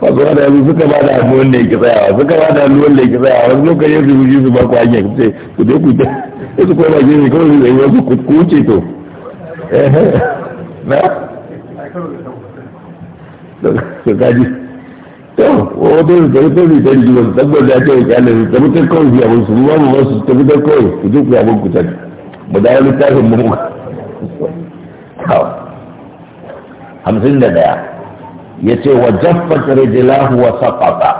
Speaker 1: ba zuwa da hannu suka ba da hannu wanda yake tsayawa suka ba da hannu wanda yake tsayawa wani lokacin su wuce su ba ku hanya ku ce ku je ku
Speaker 2: ta su kuma ba gini kawai zai wasu ku wuce to na? to kaji o
Speaker 1: tó lè tẹ̀lé tó lè tẹ̀lé jùlọ tẹ́gbọ̀n ní ajọ́ ìjà lè tẹ̀lé tẹ́ kọ́ ìfì àwọn sùn wọ́n mọ̀ sùn tẹ́lé tẹ́ kọ́ ìfì tó fi àwọn kùtà bọ̀dá yẹn ta yi mu hamsin da daya ya ce wa jaffat rijilahu wa saqata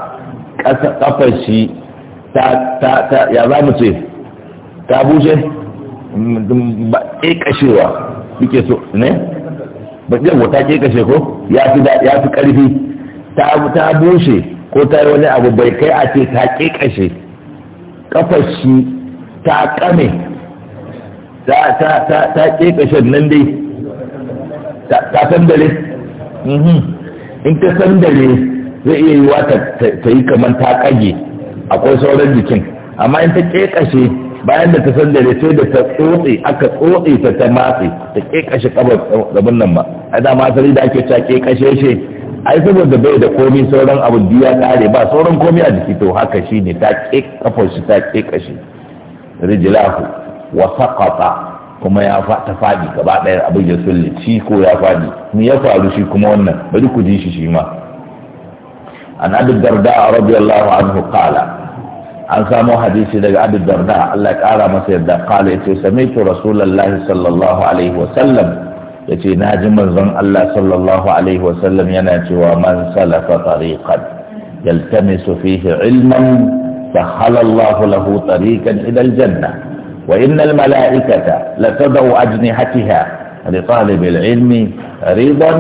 Speaker 1: kafar shi ta ta ta ya za mu ce ta bushe ba ƙe kashewa kike so ne ba ce ta ke kashe ko ya fi ya fi ta bushe ko ta yi wani abu bai kai a ce ta ƙiƙashe kafar shi ta ƙame ta kashe nan dai ta sandare mhm. in ta sandare zai iya yi wata ta yi kamar ta ƙage akwai sauran jikin amma in ta ƙiƙashe bayan da ta san sai da ta tsotse aka tsotse ta ta matse ta kekashe kabar gaban nan ba a dama asali da ake ta kekashe shi ai saboda bai da komi sauran abu ya kare ba sauran komi a jiki to haka shi ne ta ke kafar shi ta ke kashi rijilahu wa saqata kuma ya ta fadi gaba ɗaya abin ya sulle shi ko ya fadi ni ya faru shi kuma wannan bari ku ji shi shi ma an abu darda radiyallahu anhu qala an samo hadisi daga abu darda Allah ya kara masa yadda qala yace sami'tu rasulullahi sallallahu alaihi wa sallam ya ce na ji manzon Allah sallallahu alaihi wasallam yana cewa man salafa tariqan yaltamisu fihi ilman sahala Allah lahu tariqan ila aljanna wa innal mala'ikata la tadau ajnihatiha لطالب العلم رضا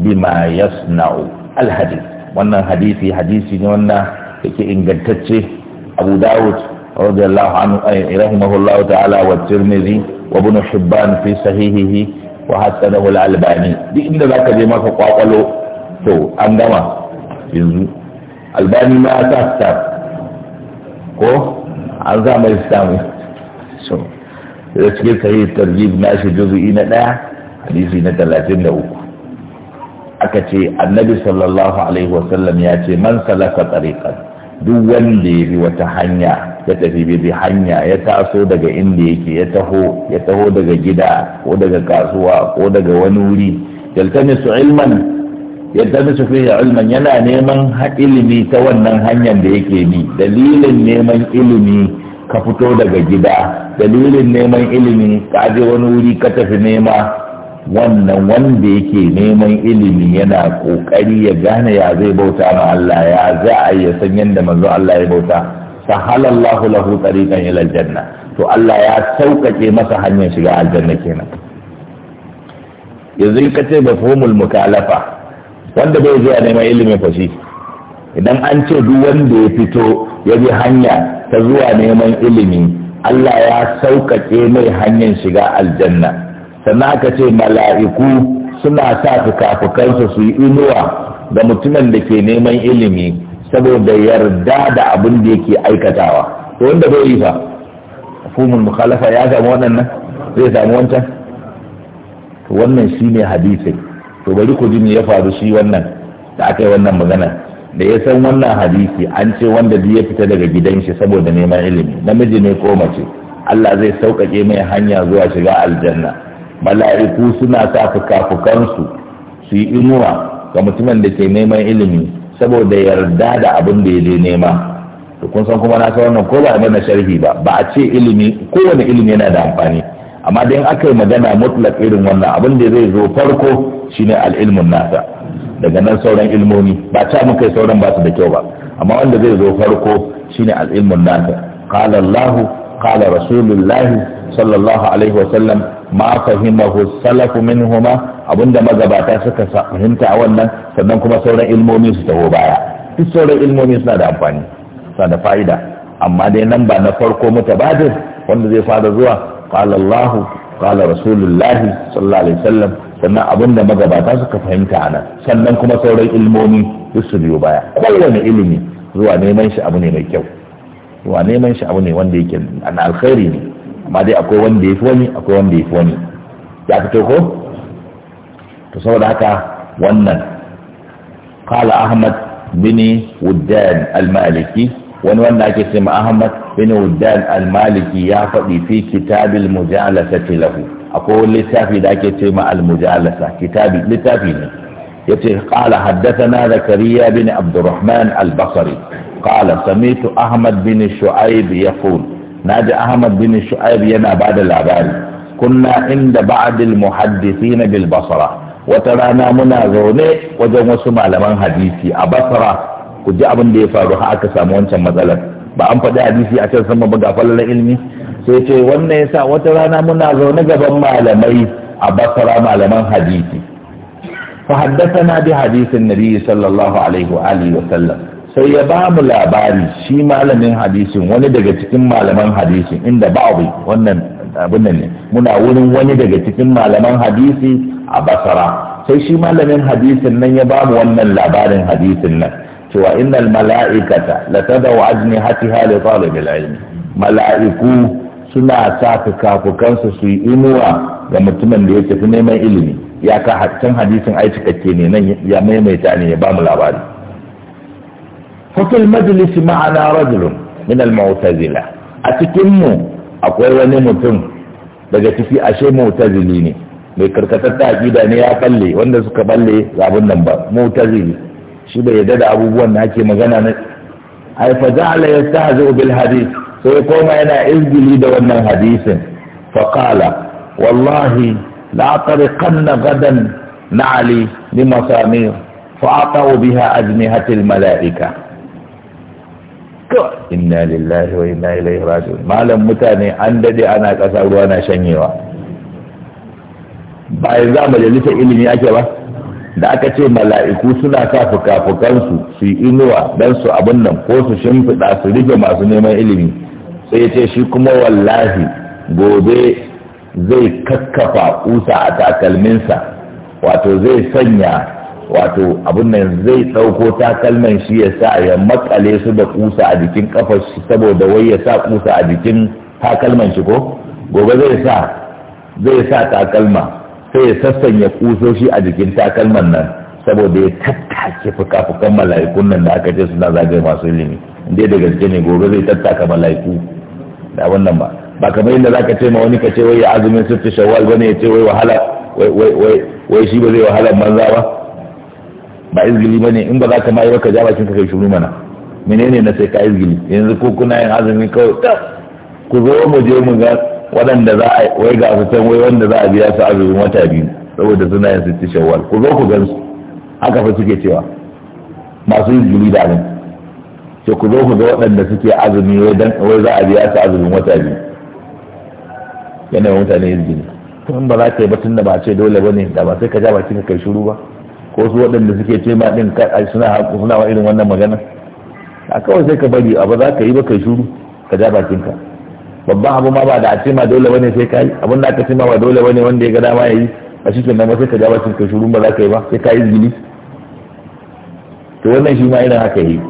Speaker 1: bima yasna'u الحديث wannan hadisi hadisi ne wannan yake ingantacce Abu Dawud radiyallahu anhu rahimahullahu ta'ala wa Tirmidhi wa Ibn Hibban fi sahihihi wa hasanahu al-albani duk inda zaka je maka kwakwalo to an gama yanzu albani ma ya ta star ko an za mai samu so da cikin sahih tarjib na shi juzu'i na daya hadisi na talatin da uku aka ce annabi sallallahu alaihi wa sallam ya ce man salaka tariqan duk wanda ya bi wata hanya ya tafi bi hanya ya taso daga inda yake ya taho ya taho daga gida ko daga kasuwa ko daga wani wuri yaltamisu ilman yaltamisu fi ilman yana neman ilimi ta wannan hanyar da yake bi dalilin neman ilimi ka fito daga gida dalilin neman ilimi ka je wani wuri ka tafi nema wannan wanda yake neman ilimi yana kokari ya gane ya zai bauta ma Allah ya za a ya san yadda manzo Allah ya bauta sahalallahu lahu tariqan ila aljanna to Allah ya sauƙaƙe masa hanyar shiga aljanna kenan yanzu ka ce mafhumul mukalafa wanda bai zuwa neman ilimin fashi idan an ce duk wanda ya fito ya bi hanya ta zuwa neman ilimi Allah ya sauƙaƙe mai hanyar shiga aljanna sannan aka ce mala'iku suna sa kafukansa su yi inuwa ga mutumin da ke neman ilimi saboda yarda da abin da yake aikatawa to wanda bai yi fa fumul mukhalafa ya samu waɗannan zai samu wancan wannan shine hadisi to bari ku ji ya faru shi wannan da aka yi wannan magana da ya san wannan hadisi an ce wanda duk ya fita daga gidan shi saboda neman ilimi namiji ne ko mace Allah zai sauƙaƙe mai hanya zuwa shiga aljanna mala'iku suna sa fukafukansu su yi inuwa ga mutumin da ke neman ilimi saboda yarda da abin da ya je nema to kun san kuma na san wannan ko ba mana sharhi ba ba a ce ilimi kowane ilimi yana da amfani amma dai in aka yi magana mutlak irin wannan abin da zai zo farko shine al'ilmun nasa daga nan sauran ilmomi ba ta muka kai sauran ba su da kyau ba amma wanda zai zo farko shine al'ilmun nasa qala Allah qala Rasulullahi sallallahu alaihi wa sallam ma fahimahu salafu minhuma abinda magabata suka fahimta a wannan sannan kuma sauran ilmomi su taho baya duk sauran ilmomi suna da amfani suna da fa'ida amma dai nan ba na farko mutabadir wanda zai fara zuwa qala Allah qala rasulullahi sallallahu alaihi wasallam sannan abin da magabata suka fahimta a nan sannan kuma sauran ilmomi duk su biyo baya kowane ilimi zuwa neman shi abu ne mai kyau zuwa neman shi abu ne wanda yake an alkhairi ne amma dai akwai wanda ya fi wani akwai wanda ya fi wani ya fito ko to saboda haka wannan Kala ahmad bin wuddan al-maliki wani wanda ake ce ma ahmad bin wuddan al-maliki ya faɗi fi kitabil mujalasati lahu akwai wani littafi da ake ce ma al-mujalasa kitabi littafi ne يتي قال حدثنا زكريا بن عبد الرحمن البصري Samitu Ahmad bin بن ya يقول na ji ahmad bin shu'aib yana ba da labari kunna inda ba'dil na bil basra wata rana muna zaune wajen wasu malaman hadisi a basra ku ji abin da ya faru har aka samu wancan matsalar ba an faɗi hadisi a can sama ba ga falalar ilmi sai ce wannan yasa wata rana muna zaune gaban malamai a basra malaman hadisi fa haddathana bi hadisin nabi sallallahu alaihi wa alihi wa sallam sai ya ba mu labari shi malamin hadisin wani daga cikin malaman hadisin inda ba'abi wannan abin ne muna wurin wani daga cikin malaman hadisi a basara sai shi malamin hadisin nan ya ba mu wannan labarin hadisin nan cewa innal mala'ikata la tadau ajnihatiha li talibil ilmi mala'iku suna sa fukafukansu su yi inuwa ga mutumin da ya tafi neman ilimi ya ka can hadisin ai cikakke ne nan ya maimaita ne ya ba mu labari ففي المجلس معنا رجل من المعتزلة أتكنوا أقول نمتم بقى تفي أشي معتزليني بكركة التأكيد أن يأكلي وأن كبلي لابو النمبر معتزلي شو بي يدد أبو بوان هكي مغانا أي فجعل يستهزئ بالحديث سيقوم أنا إذن لي دوانا حديث فقال والله لا طرقن غدا نعلي لمصامير فأعطوا بها أجنحة الملائكة inna lillahi wa inna ilaihi raji'un malam mutane an dade ana ƙasa ruwa na shanyewa ba yanzu a majalisar ilimi ake ba da aka ce mala'iku suna sa fuka-fukansu su yi inuwa don su abin nan ko su shimfiɗa su rufe masu neman ilimi sai ce shi kuma wallahi gobe zai kakkafa kusa a takalminsa wato zai sanya wato abun nan zai ɗauko takalman shi ya sa ya makale su da kusa a jikin kafar shi saboda wai ya sa kusa a jikin takalman shi ko gobe zai sa zai sa takalma sai ya sassanya kusoshi a jikin takalman nan saboda ya tattake fuka-fukan mala'ikun nan da aka ce suna zagaye masu ilimi inda da gaske ne gobe zai tattaka mala'iku da wannan ba ba kamar yadda zaka ce ma wani ka ce wai ya azumin sirti shawwal bane ya ce wai wahala wai wai wai shi ba zai wahala manza ba ba izgili ba ne in ba za ka ma yi ka ja bakin ka kai shuru mana menene na sai ka izgili yanzu ko kuna yin azumi kawai ta ku zo mu je mu ga waɗanda za a wai ga su can wai wanda za a biya su azumin wata biyu saboda suna yin sitti shawwal ku zo ku gan su haka fa suke cewa masu izgili da abin sai ku zo ku ga waɗanda suke azumi wai za a biya su azumin wata biyu yanayin mutane izgili kuma ba za ka yi batun da ba ce dole ba ne da ba sai ka ja bakin ka kai shuru ba ko su waɗanda suke ce ma ɗin suna haku suna wa irin wannan magana a kawai sai ka bari abu za ka yi ba kai shuru ka ja bakinka babban abu ma ba da a ce ma dole bane sai ka yi abin da aka ce ma ba dole bane wanda ya ga dama ya yi a cikin kenan sai ka ja bakin ka shuru ba za ka yi ba sai ka yi zili to wannan shi ma irin haka yi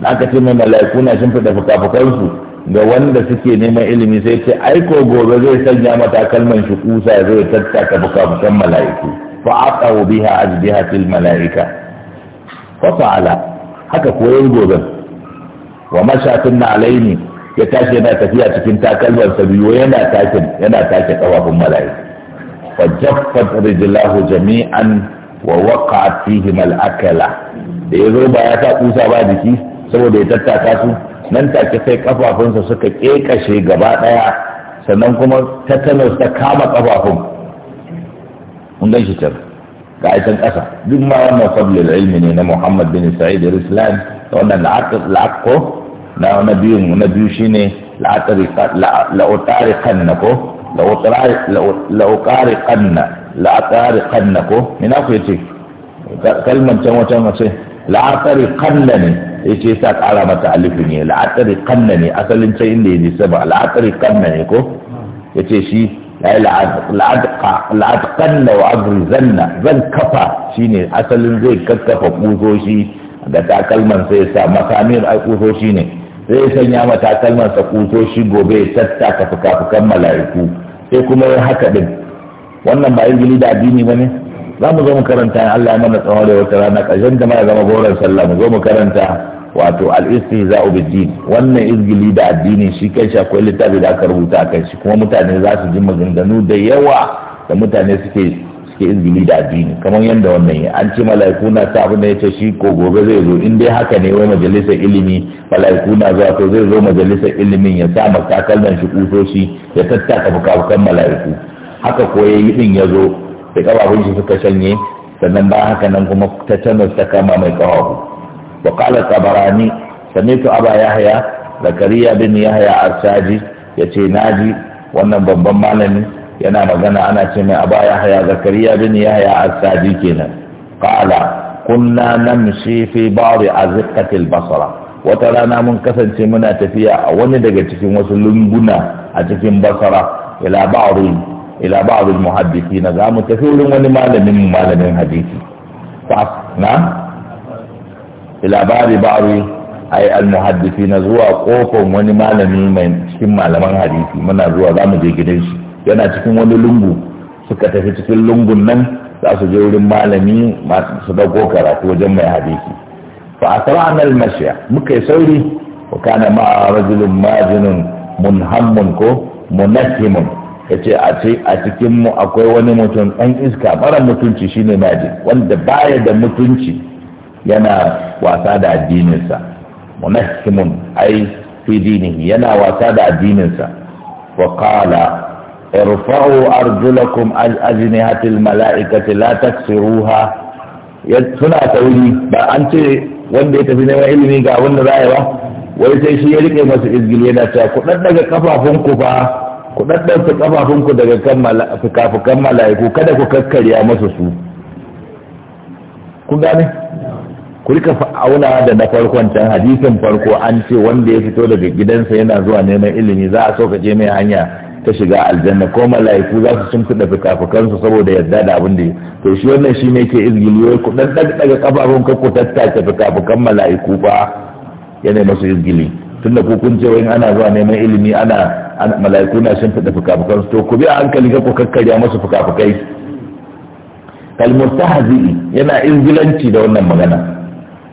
Speaker 1: da aka ce ma mala'iku na shin fita fuka su ga wanda suke neman ilimi sai ce aiko gobe zai sanya mata kalman shi kusa zai tattaka fuka-fukan mala'iku fa'aqaw biha ajdihatil mala'ika fa fa'ala haka koyon gobe. wa mashatin alaini ya tashe yana tafiya cikin takalmarsa biyu yana yana take kafafun mala'ika fa jaffat rijlahu jami'an wa waqa'at fihi mal'akala da ya ba ya sa ƙusa ba jiki saboda ya tattaka su nan take sai kafafunsa suka kekashe gaba ɗaya sannan kuma tetanus ta kama kafafun kun gan shi can ga aitan kasa duk ma wannan fadlul ilmi ne na Muhammad bin Sa'id al-Islam da wannan la'aqo na na biyun na biyu shine la'utariqanna ko la'utariqanna la'utariqanna ko ina ku yace kalmar can wata mace kanna ne yace sa ƙara mata alifi ne kanna ne asalin can inda ya saba ba kanna ne ko yace shi la la'adqanna wa agrizanna zan kafa shine asalin zai kakkafa kusoshi da takalman sai sa makamin ai kusoshi ne sai sanya ma takalmansa sa kusoshi gobe ya tattaka fukafukan mala'iku sai kuma ya haka din wannan ba izini da addini ne za mu zo mu karanta Allah ya mana tsawon da wata rana ƙarshen da ma zama goron sallah mu zo mu karanta wato al za bid-din wannan izgili da addini shi kanshi akwai littafi da aka rubuta kai shi kuma mutane za su ji maganganu da yawa da mutane suke suke izgili da addini kamar yadda wannan ya an ce mala'iku na sa abin da shi ko gobe zai zo in dai haka ne wai majalisar ilimi malaikuna na zuwa zai zo majalisar ilimin ya sa makakalman shi kusoshi ya tattaka fukafukan mala'iku haka ko ya din ya zo da kafafun shi suka shanye sannan ba haka nan kuma ta canar ta kama mai kawaku. tsabarani, وقال الطبراني سمعت أبا يحيى زكريا بن يحيى الساجي na ji wannan babban malami yana magana ana ce mai aba yahya zakariya bin yahya as-sadi kenan qala kunna namshi fi ba'd azqati al-basra wata rana mun kasance muna tafiya a wani daga cikin wasu lumbuna a cikin basara, ila ba'd ila ba'd za mu tafi wurin wani malamin malamin hadisi fa na ilabari babi ba'ri ai al na zuwa kofar wani malami mai cikin malaman hadisi muna zuwa zamu je gidan shi yana cikin wani lungu suka tafi cikin lungun nan za su je wurin malami su dauko karatu wajen mai hadisi fa asra'na al mashya muka yi sauri wa kana ma rajulun majnun munhammun ko munafhimun yace a ce a cikin mu akwai wani mutum ɗan iska mara mutunci shine maji wanda baya da mutunci yana wasa da addininsa munakimun ai fi dinihi yana wasa da addininsa wa qala irfa'u arjulakum al al mala'ikati la taksiruha suna sauri ba an ce wanda ya tafi neman ilimi ga wanda za ba wai sai shi ya rike masu izgil yana cewa ku daddaga kafafunku fa ku kafafunku daga kafukan mala'iku kada ku kakkarya masa su ku gane Kulka auna da na farkon can hadisin farko an ce wanda ya fito daga gidansa yana zuwa neman ilimi za a sauƙaƙe mai hanya ta shiga aljanna ko mala'iku za su sun kuɗa fikafikansu saboda yadda da abin da to shi wannan shi ne ke izgiliyoyi ku ɗan daga kafafun ka ku tattace fikafikan mala'iku ba yana masu izgili tunda ku kun ce wani ana zuwa neman ilimi ana mala'iku na sun kuɗa fikafikansu to ku bi a hankali ka ku kakkarya masu fikafikai kalmustahzi yana izgilanci da wannan magana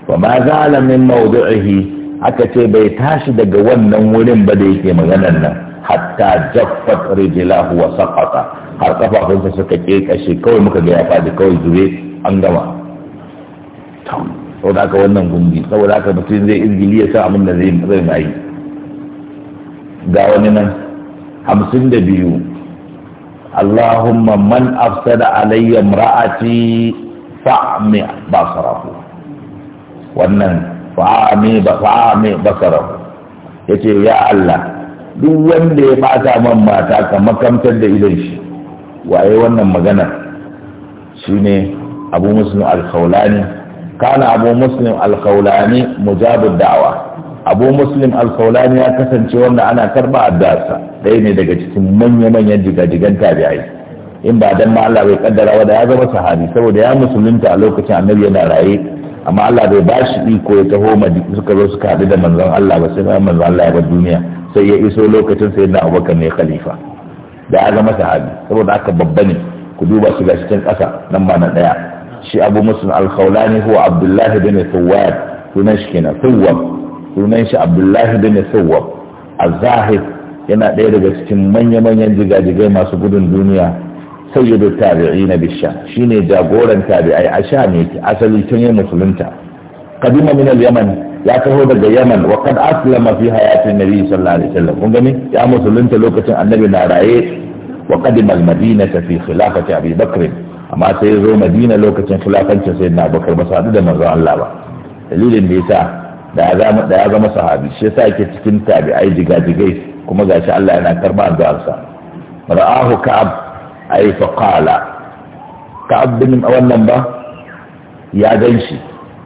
Speaker 1: wa ma zala min mawdu'ihi aka ce bai tashi daga wannan wurin ba da yake maganar nan hatta jaffat rijlahu wa saqata har kafafunsa suka kekashe kawai muka ga ya faɗi kawai zube an gama saboda haka wannan gungi saboda haka mutum zai izgili ya sa abin da zai zai mai ga wani nan hamsin da biyu Allahumma man afsada alayya imra'ati fa'mi basarahu wannan fa'ami ba fa'ami basara yace ya Allah duk wanda ya bata man mata ka makamtar da idan shi waye wannan magana shine Abu Muslim al-Khawlani kana Abu Muslim al-Khawlani mujabud da'wa Abu Muslim al-Khawlani ya kasance wanda ana karba addarsa dai ne daga cikin manya-manyan jigajigan tabi'ai in ba dan ma Allah bai kaddara wa da ya zama sahabi saboda ya musulunta a lokacin annabi yana raye amma Allah bai ba shi iko ya taho madina suka zo suka haɗu da manzon Allah ba sai ma manzon Allah ya bar duniya sai ya iso lokacin sai na Abubakar ne khalifa da ya zama sahabi saboda aka babba ne ku duba shi gashi cikin ƙasa nan ma na ɗaya shi Abu Muslim al-Khawlani huwa Abdullah bin Thawwab sunan shi kenan Thawwab sunan shi Abdullah bin Thawwab az-Zahid yana ɗaya daga cikin manya-manyan jigajigai masu gudun duniya sayyidu tabi'ina bisha shine jagoran tabi'ai a sha ne asali tun musulunta kadima min al-yaman ya taho daga yaman wa kad aslama fi hayatin nabi sallallahu alaihi wasallam kun gani ya musulunta lokacin annabi na raye wa kadima al-madina fi khilafati abi bakr amma sai ya zo madina lokacin khilafancin sayyidina abubakar ba hadu da manzon Allah ba dalilin da yasa da ya zama da ya zama sahabi shi yasa yake cikin tabi'ai jigajigai kuma gashi Allah yana karba addu'arsa ra'ahu ka'ab ai faqala ka'ab bin wannan ba ya ganshi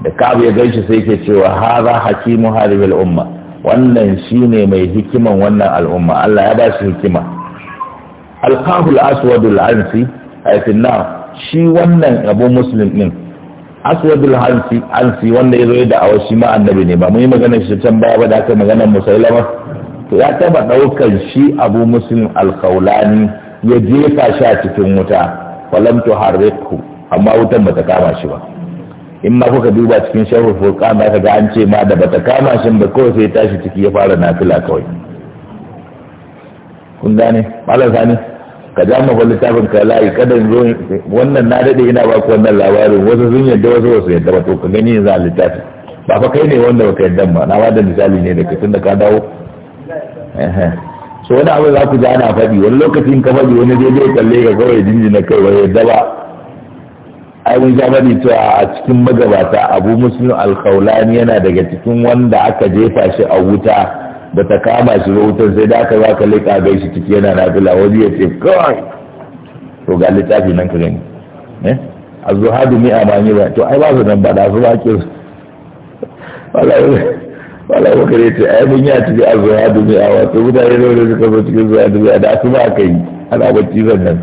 Speaker 1: da ka ya ganshi sai ke cewa hadha hakimu hadhihi al-umma wannan shine mai hikiman wannan al'umma Allah ya ba shi hikima alkahul al-aswad al-ansi shi wannan abu muslim din aswad al-ansi ansi wanda yazo da awa shi ma annabi ne ba mun yi magana shi can baya ba da aka magana musailama to ya taba daukar shi abu muslim al ya jefa shi a cikin wuta falam harreku amma wutan bata kama shi ba in ma kuka duba cikin shahul furqan ka ga an ce ma da bata kama shi ba kawai sai tashi ciki ya fara nafila kawai kun gane malam sani ka ja mu littafin ka layi kadan zo wannan na dade ina ba ku wannan labarin wasu sun yadda wasu wasu yadda ba to ka gani yanzu a littafin ba fa kai ne wanda baka yadda ba na ba da misali ne da tun da ka dawo to wani abu za ku ji ana faɗi wani lokacin ka faɗi wani zai kalle ka kawai jinjina kai wani yadda ba ai mun ja faɗi cewa a cikin magabata abu muslim alkaulani yana daga cikin wanda aka jefa shi a wuta ba ta kama shi ba wutar sai da aka za ka leƙa gai shi ciki yana bila wani ya ce kawai to ga littafi nan ka gani eh? a zuhadu ni amani ba to ai ba su nan ba da su ba ke su wala bakar yace ai mun ya tafi azwa duniya wato mutane ne da suka zo cikin zuwa duniya da asuba aka yi ana bacci sannan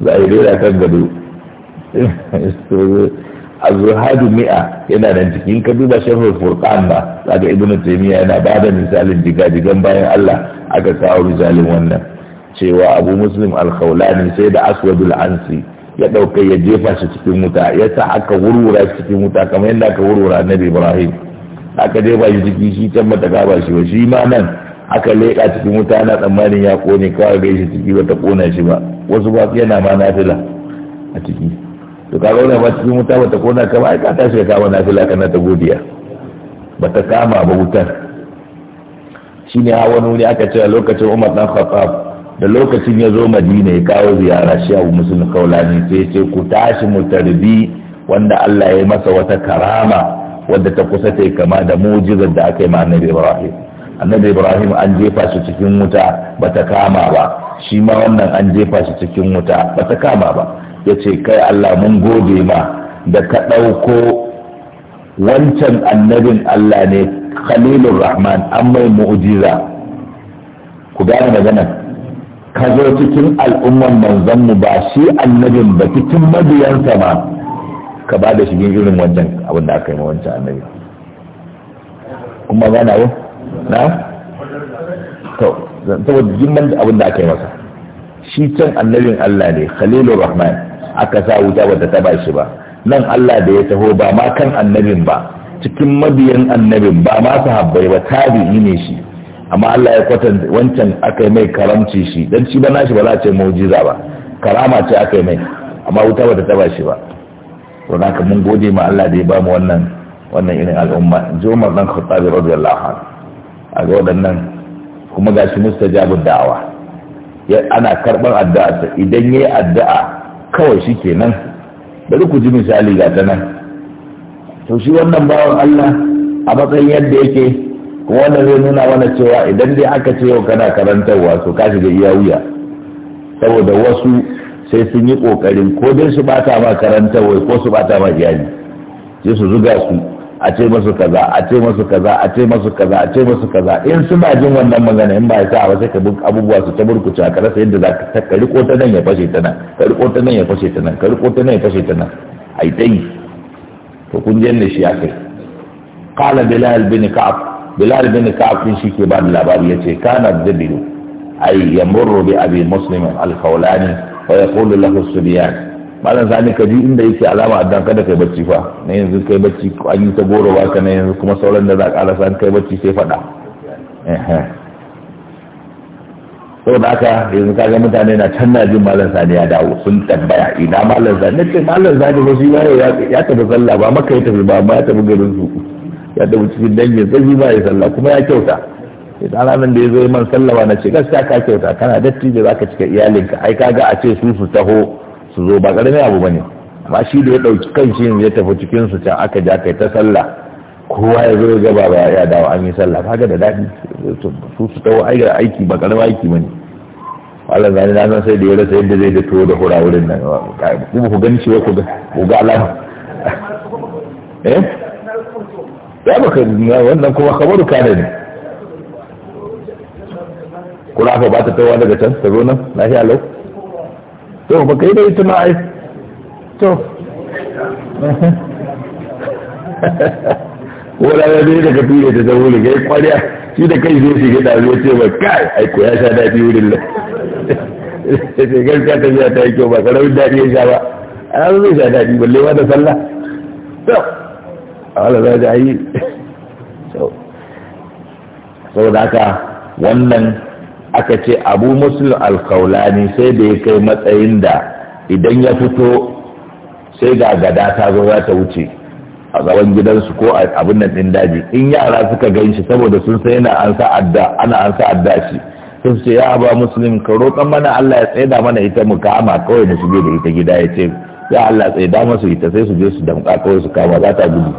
Speaker 1: za a yi rera kan gado azhadu mi'a yana nan cikin ka duba shafin ba daga ibnu taymiya yana da misalin jigajigan bayan Allah aka kawo misalin wannan cewa abu muslim al sai da aswadul ansi ya ɗauka ya jefa shi cikin wuta ya sa aka wurwura cikin wuta kamar yadda aka wurwura nabi ibrahim aka ba shi ciki shi can bata kaba shi ba shi ma nan aka leƙa cikin wuta na tsammanin ya kone kawai gai shi ciki ta kona shi ba wasu ba su yana ma nafila a ciki to ka ba cikin wuta ta kona kama ai ka tashi ka kama nafila kana ta godiya ba ta kama ba wutar shine ha wani aka ce a lokacin Umar dan Khattab da lokacin ya zo Madina ya kawo ziyara shi Abu musulun Kaulani sai ya ce ku tashi mu tarbi wanda Allah ya yi masa wata karama wadda ta kusa ta kama da mujizar da aka yi ma annabi ibrahim annabi ibrahim an jefa shi cikin wuta ba ta kama ba shi ma wannan an jefa shi cikin wuta ba ta kama ba ya ce kai allah mun gode ma da ka ɗauko wancan annabin allah ne khalilur rahman an mai mu'jiza ku gane maganar ka zo cikin al'umman manzanmu ba shi annabin ba cikin mabiyansa ma ka ba da shi irin wancan abin da aka yi wancan annabi kuma ba na na to saboda jimman abin da aka yi masa shi can annabin Allah ne khalilur rahman aka sa wuta bata ta ba shi ba nan Allah da ya taho ba ma kan annabin ba cikin mabiyan annabin ba ma su habbai ba tabi'i ne shi amma Allah ya kwatanta wancan aka yi mai karamci shi dan shi ba nashi ba za a ce mu'jiza ba karama ce aka yi mai amma wuta bata ta taba shi ba to za ka mun gode ma Allah da ya ba mu wannan wannan irin al'umma in ji umar ɗan khattabi radiyallahu anhu a ga waɗannan kuma ga shi mustajabu da'awa ana karban addu'a idan yayi addu'a kawai shi kenan bari ku ji misali ga ta nan to shi wannan bawan Allah a matsayin yadda yake kuma wannan zai nuna mana cewa idan dai aka ce yau kana karantarwa to ka shiga iya wuya saboda wasu sai sun yi kokarin ko dai su bata ma karanta wai ko su bata ma jari sai su zuga su a ce masu kaza a ce masu kaza a ce masu kaza a ce masu kaza in suna jin wannan magana in ba ya sa ba sai ka bi abubuwa su ta burkuce ka karasa yadda za ka ka riko ta nan ya fashe ta nan ka riko ta nan ya fashe ta nan ka riko ta nan ya fashe ta nan ai dai to kun je ne shi akai qala bilal bin ka'ab bilal bin ka'ab din shi ke ba da labari yace kana dabiru ai yamurru bi abi muslim al-khawlani fa yaqulu lahu subyan malam sani ka ji inda yake alama a dan kada kai bacci fa na yanzu kai bacci an yi ta goro ka na yanzu kuma sauran da za ka alasa kai bacci sai faɗa sau da aka yanzu kaga mutane na can jin malam sani ya dawo sun tambaya ina malam sani na ce malam sani ba shi ya tafi sallah ba maka ya tafi ba ma ya tafi garin su ya tafi cikin dangin sai shi ba ya sallah kuma ya kyauta sai da ranar da ya zo man sallama na ce gaskiya ka kyauta kana datti za ka cika iyalinka ai kaga a ce su su taho su zo ba ƙarami abu ba ne amma shi da ya ɗauki kan shi ya tafi cikin su can aka ja kai ta sallah kowa ya zo gaba ba ya dawo an yi sallah kaga da daɗi su su taho ai aiki ba ƙarami aiki ba ne wallan zani na san sai da ya rasa yadda zai da tuwo da hura wurin nan kuma ku gani cewa ku ga alama eh ya baka wannan kuma kamar ka ne kurafa ba ta tawa daga can ta zo nan lafiya lau to ba kai da ita ma ai to wala ya zai daga tuye ta ta wuri gai kwariya shi da kai zai shiga da zai ce ba kai ko ya sha daɗi wurin nan ta ce gaskiya ta biya ta yi kyau ba karamin daɗi ya sha ba a yanzu zai sha daɗi balle ma da sallah to a wala za ta yi sau da haka wannan aka ce abu muslim alkaulani sai da ya kai matsayin da idan ya fito sai ga gada ta zo za ta wuce a gaban gidansu ko a abin nan din daji in yara suka gan shi saboda sun sai yana an sa adda ana an sa adda shi sun ce ya ba muslim ka roƙan mana Allah ya tsaida mana ita mu kama kawai na shige da ita gida ya ce ya Allah tsaida masu ita sai su je su damƙa kawai su kama za ta gudu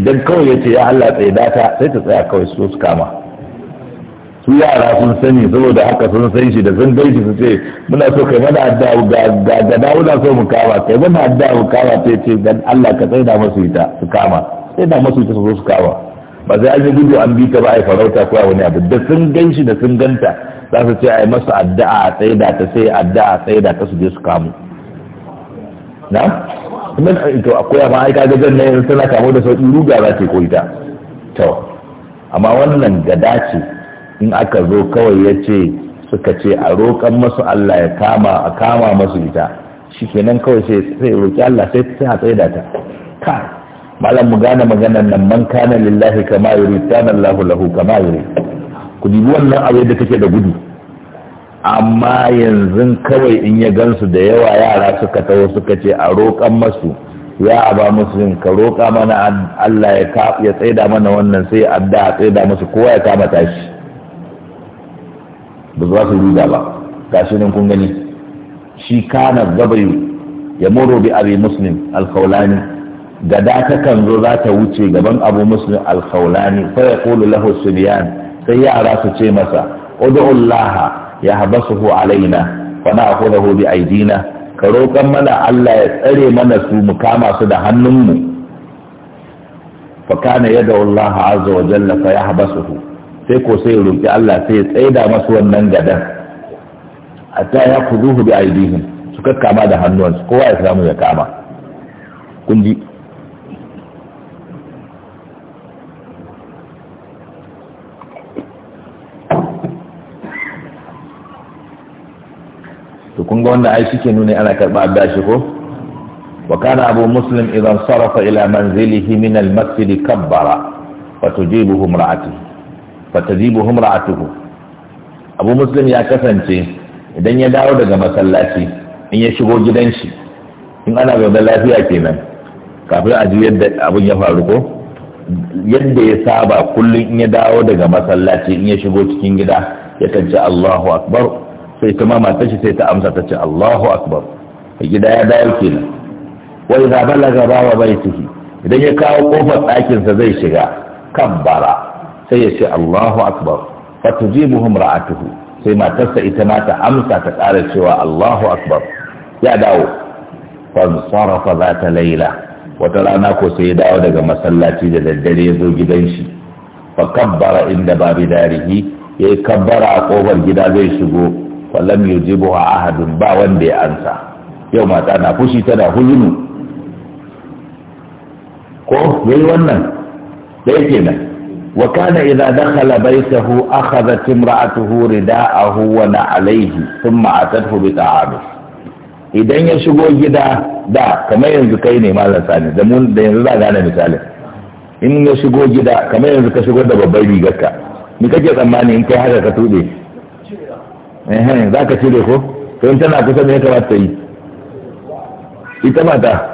Speaker 1: idan kawai ya ce ya Allah tsaida ta sai ta tsaya kawai su su kama su yara sun sani saboda haka sun san shi da sun gan shi su ce muna so kai mana adda ga da muna so mu kama kai mana adda mu kama sai ce dan Allah ka tsaya masu ita su kama sai da masu ita su zo su kama ba sai an yi gudu an bi ta ba ai farauta ko wani abu da sun gan shi da sun ganta za su ce ai masa addu'a a tsaida ta sai addu'a a tsaida ta su je su kamo na kuma to akwai ma ai kaga zan ne tana kamo da sauki ruga za ta koita to amma wannan gada ce in aka zo kawai ya ce suka ce a roƙon masu Allah ya kama a kama masu ita shi kenan kawai sai sai roƙi Allah sai sai a tsaida ta ka malam mu gane maganar nan man kana lillahi kama yuri kana Allahu lahu kama yuri ku dubi wannan abu da take da gudu amma yanzu kawai in ya gansu da yawa yara suka taho suka ce a roƙon masu ya musu yin ka roƙa mana Allah ya tsaida mana wannan sai adda a tsaida musu kowa ya kama tashi ba za su ruda ba gashi nan kun gani shi kana gabayu ya muro bi abi muslim alkaulani gada ta kan zo za ta wuce gaban abu muslim alkaulani fa ya kulu lahu subiyan sai yara su ce masa ud'ullaha ya habasuhu alaina fa na'khudhu bi aidina ka roƙan mana Allah ya tsare mana su mu kama su da hannunmu fa kana yad'u Allah azza wa jalla fa yahbasuhu sai ko sai roƙi Allah sai ya tsaida masu wannan gadan hatta ya kuzuhu bi aidihim su kakkama da hannuwansu kowa ya samu ya kama kun ji to kun ga wannan ai shike nuna ana karba shi ko wa abu muslim idan sarafa ila manzilihi min al-masjid kabbara wa tujibuhu fatajibuhum ra'atuhu abu muslim ya kasance idan ya dawo daga masallaci in ya shigo gidan shi in ana zaune lafiya kenan kafin a ji yadda abin ya faru ko yadda ya saba kullum in ya dawo daga masallaci in ya shigo cikin gida ya kance Allahu akbar sai ta mamata shi sai ta amsa ta ce Allahu akbar gida ya dawo kenan wa idza balaga bawa baitihi idan ya kawo kofar ɗakinsa zai shiga kabbara sai ya ce Allahu akbar fa tujibuhum ra'atuhu sai matarsa ita na ta amsa ta ƙara cewa Allahu akbar ya dawo fa sarafa ta laila wata rana ko sai ya dawo daga masallaci da daddare ya zo gidan shi fa kabbara inda babi darihi ya kabbara a kofar gida zai shigo lam yujibuha ahadun ba wanda ya ansa yau mata na fushi tana huzunu ko yayi wannan dai kenan وكان إذا دخل بيته أخذت امرأته رداءه ونعليه ثم أتته بطعامه idan ya shigo gida da kamar yanzu kai ne malam sani da yanzu za gane misalin in ya shigo gida kamar yanzu ka shigo da babbar rigarka ni kake tsammani in kai haka ka tuɗe za ka cire ko to in tana kusa me ya ta yi ita mata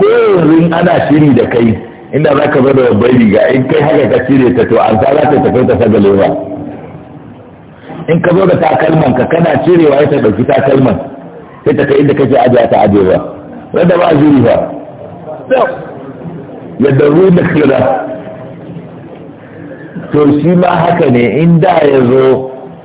Speaker 1: korin ana shiri da kai inda za ka zo da babbar riga in kai haka ka cire ta to an za ta tafi ta saka lewa in ka zo da takalman ka kana cirewa ya ta ɗauki takalman sai ta kai inda kake ajiya ta ajewa wanda ba zuri ba yadda da kira to shi ma haka ne in da ya zo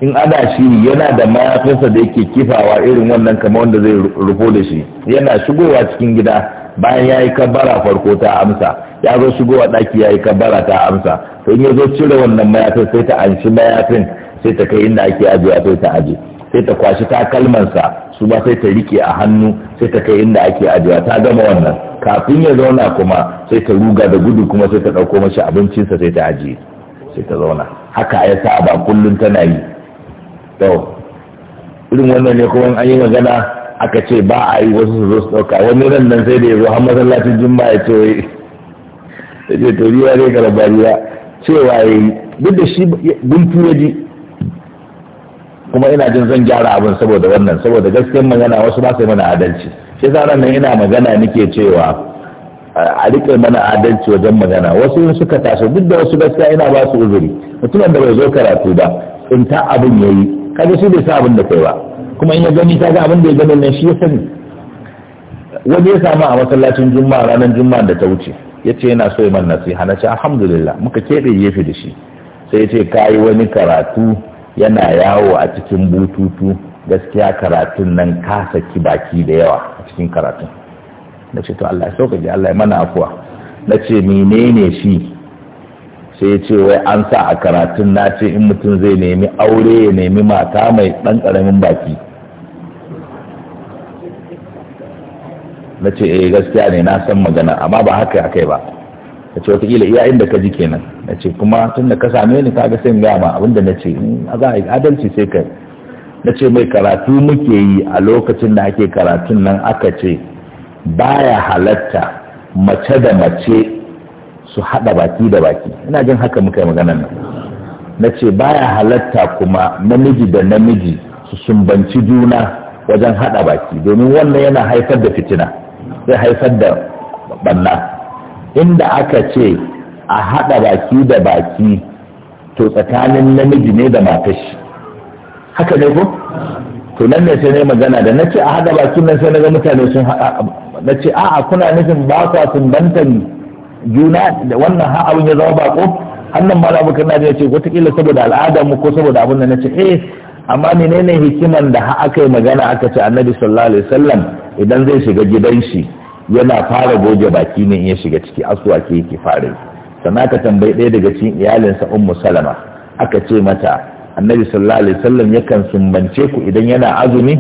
Speaker 1: in ana shi yana da mayafinsa da yake kifawa irin wannan kamar wanda zai rufo da shi yana shigowa cikin gida bayan ya yi kabbara farko ta amsa ya zo shigo a ɗaki ya yi kabara ta amsa to in ya zo cire wannan mayafin sai ta anshi mayafin sai ta kai inda ake ajiyewa sai ta aje sai ta kwashi takalmansa su ba sai ta rike a hannu sai ta kai inda ake ajiyewa ta gama wannan kafin ya zauna kuma sai ta ruga da gudu kuma sai ta ɗauko mashi abincinsa sai ta ajiye sai ta zauna haka ya sa ba kullum tana yi to irin wannan ne kuma an yi magana aka ce ba a yi wasu su zo su ɗauka wani ran nan sai da ya zo har masallacin juma'a ya ce wai ya ce to riya ne cewa ya yi duk da shi guntu ya ji kuma ina jin zan gyara abin saboda wannan saboda gaskiyar magana wasu ba sai mana adalci shi yasa ran nan ina magana nake cewa a riƙe mana adalci wajen magana wasu suka taso duk da wasu gaskiya ina ba su uzuri mutumin da bai zo karatu ba in ta abin yi. kaga shi bai sa abin da kai ba kuma in ya gani ta ga abin da ya gani nan shi ya sani wani ya samu a masallacin juma'a ranar juma'a da ta wuce ya ce yana so ya man nasiha na ce alhamdulillah muka keɓe gefe da shi sai ya ce ka yi wani karatu yana yawo a cikin bututu gaskiya karatun nan ka saki baki da yawa a cikin karatun na ce to Allah ya sauƙaƙe Allah ya mana afuwa na ce menene shi sai ya ce wai an sa a karatun na ce in mutum zai nemi aure ya nemi mata mai ɗan ƙaramin baki na ce eh gaskiya ne na san magana amma ba haka ya kai ba na ce watakila iya inda ka ji kenan na ce kuma tun da ka same ni kaga sai ya ma abinda na ce mm, za a yi adalci sai kai na ce mai karatu muke yi a lokacin da ake karatun nan aka ce baya halatta mace da mace su haɗa baki da baki ina jin haka muka yi maganan nan na ce baya halatta kuma namiji da namiji su sumbanci juna wajen haɗa baki domin wannan yana haifar da fitina zai haifar da banna inda aka ce a haɗa baki da baki to tsakanin namiji ne da matashi haka ne ko to nan ne sai ne magana da nace a haɗa baki nan sai na ga mutane sun haɗa nace a'a kuna nufin ba kwa sumbantan juna da wannan ha abin ya zama bako hannun mala abokan na ce watakila saboda al'ada mu ko saboda abin da na ce eh amma menene hikiman da aka yi magana aka ce annabi sallallahu alaihi wasallam idan zai shiga gidan shi yana fara goge baki ne in ya shiga ciki asuwaki yake fara sannan ka tambayi ɗaya daga cikin iyalinsa ummu salama aka ce mata annabi sallallahu alaihi wasallam yakan sumbance ku idan yana azumi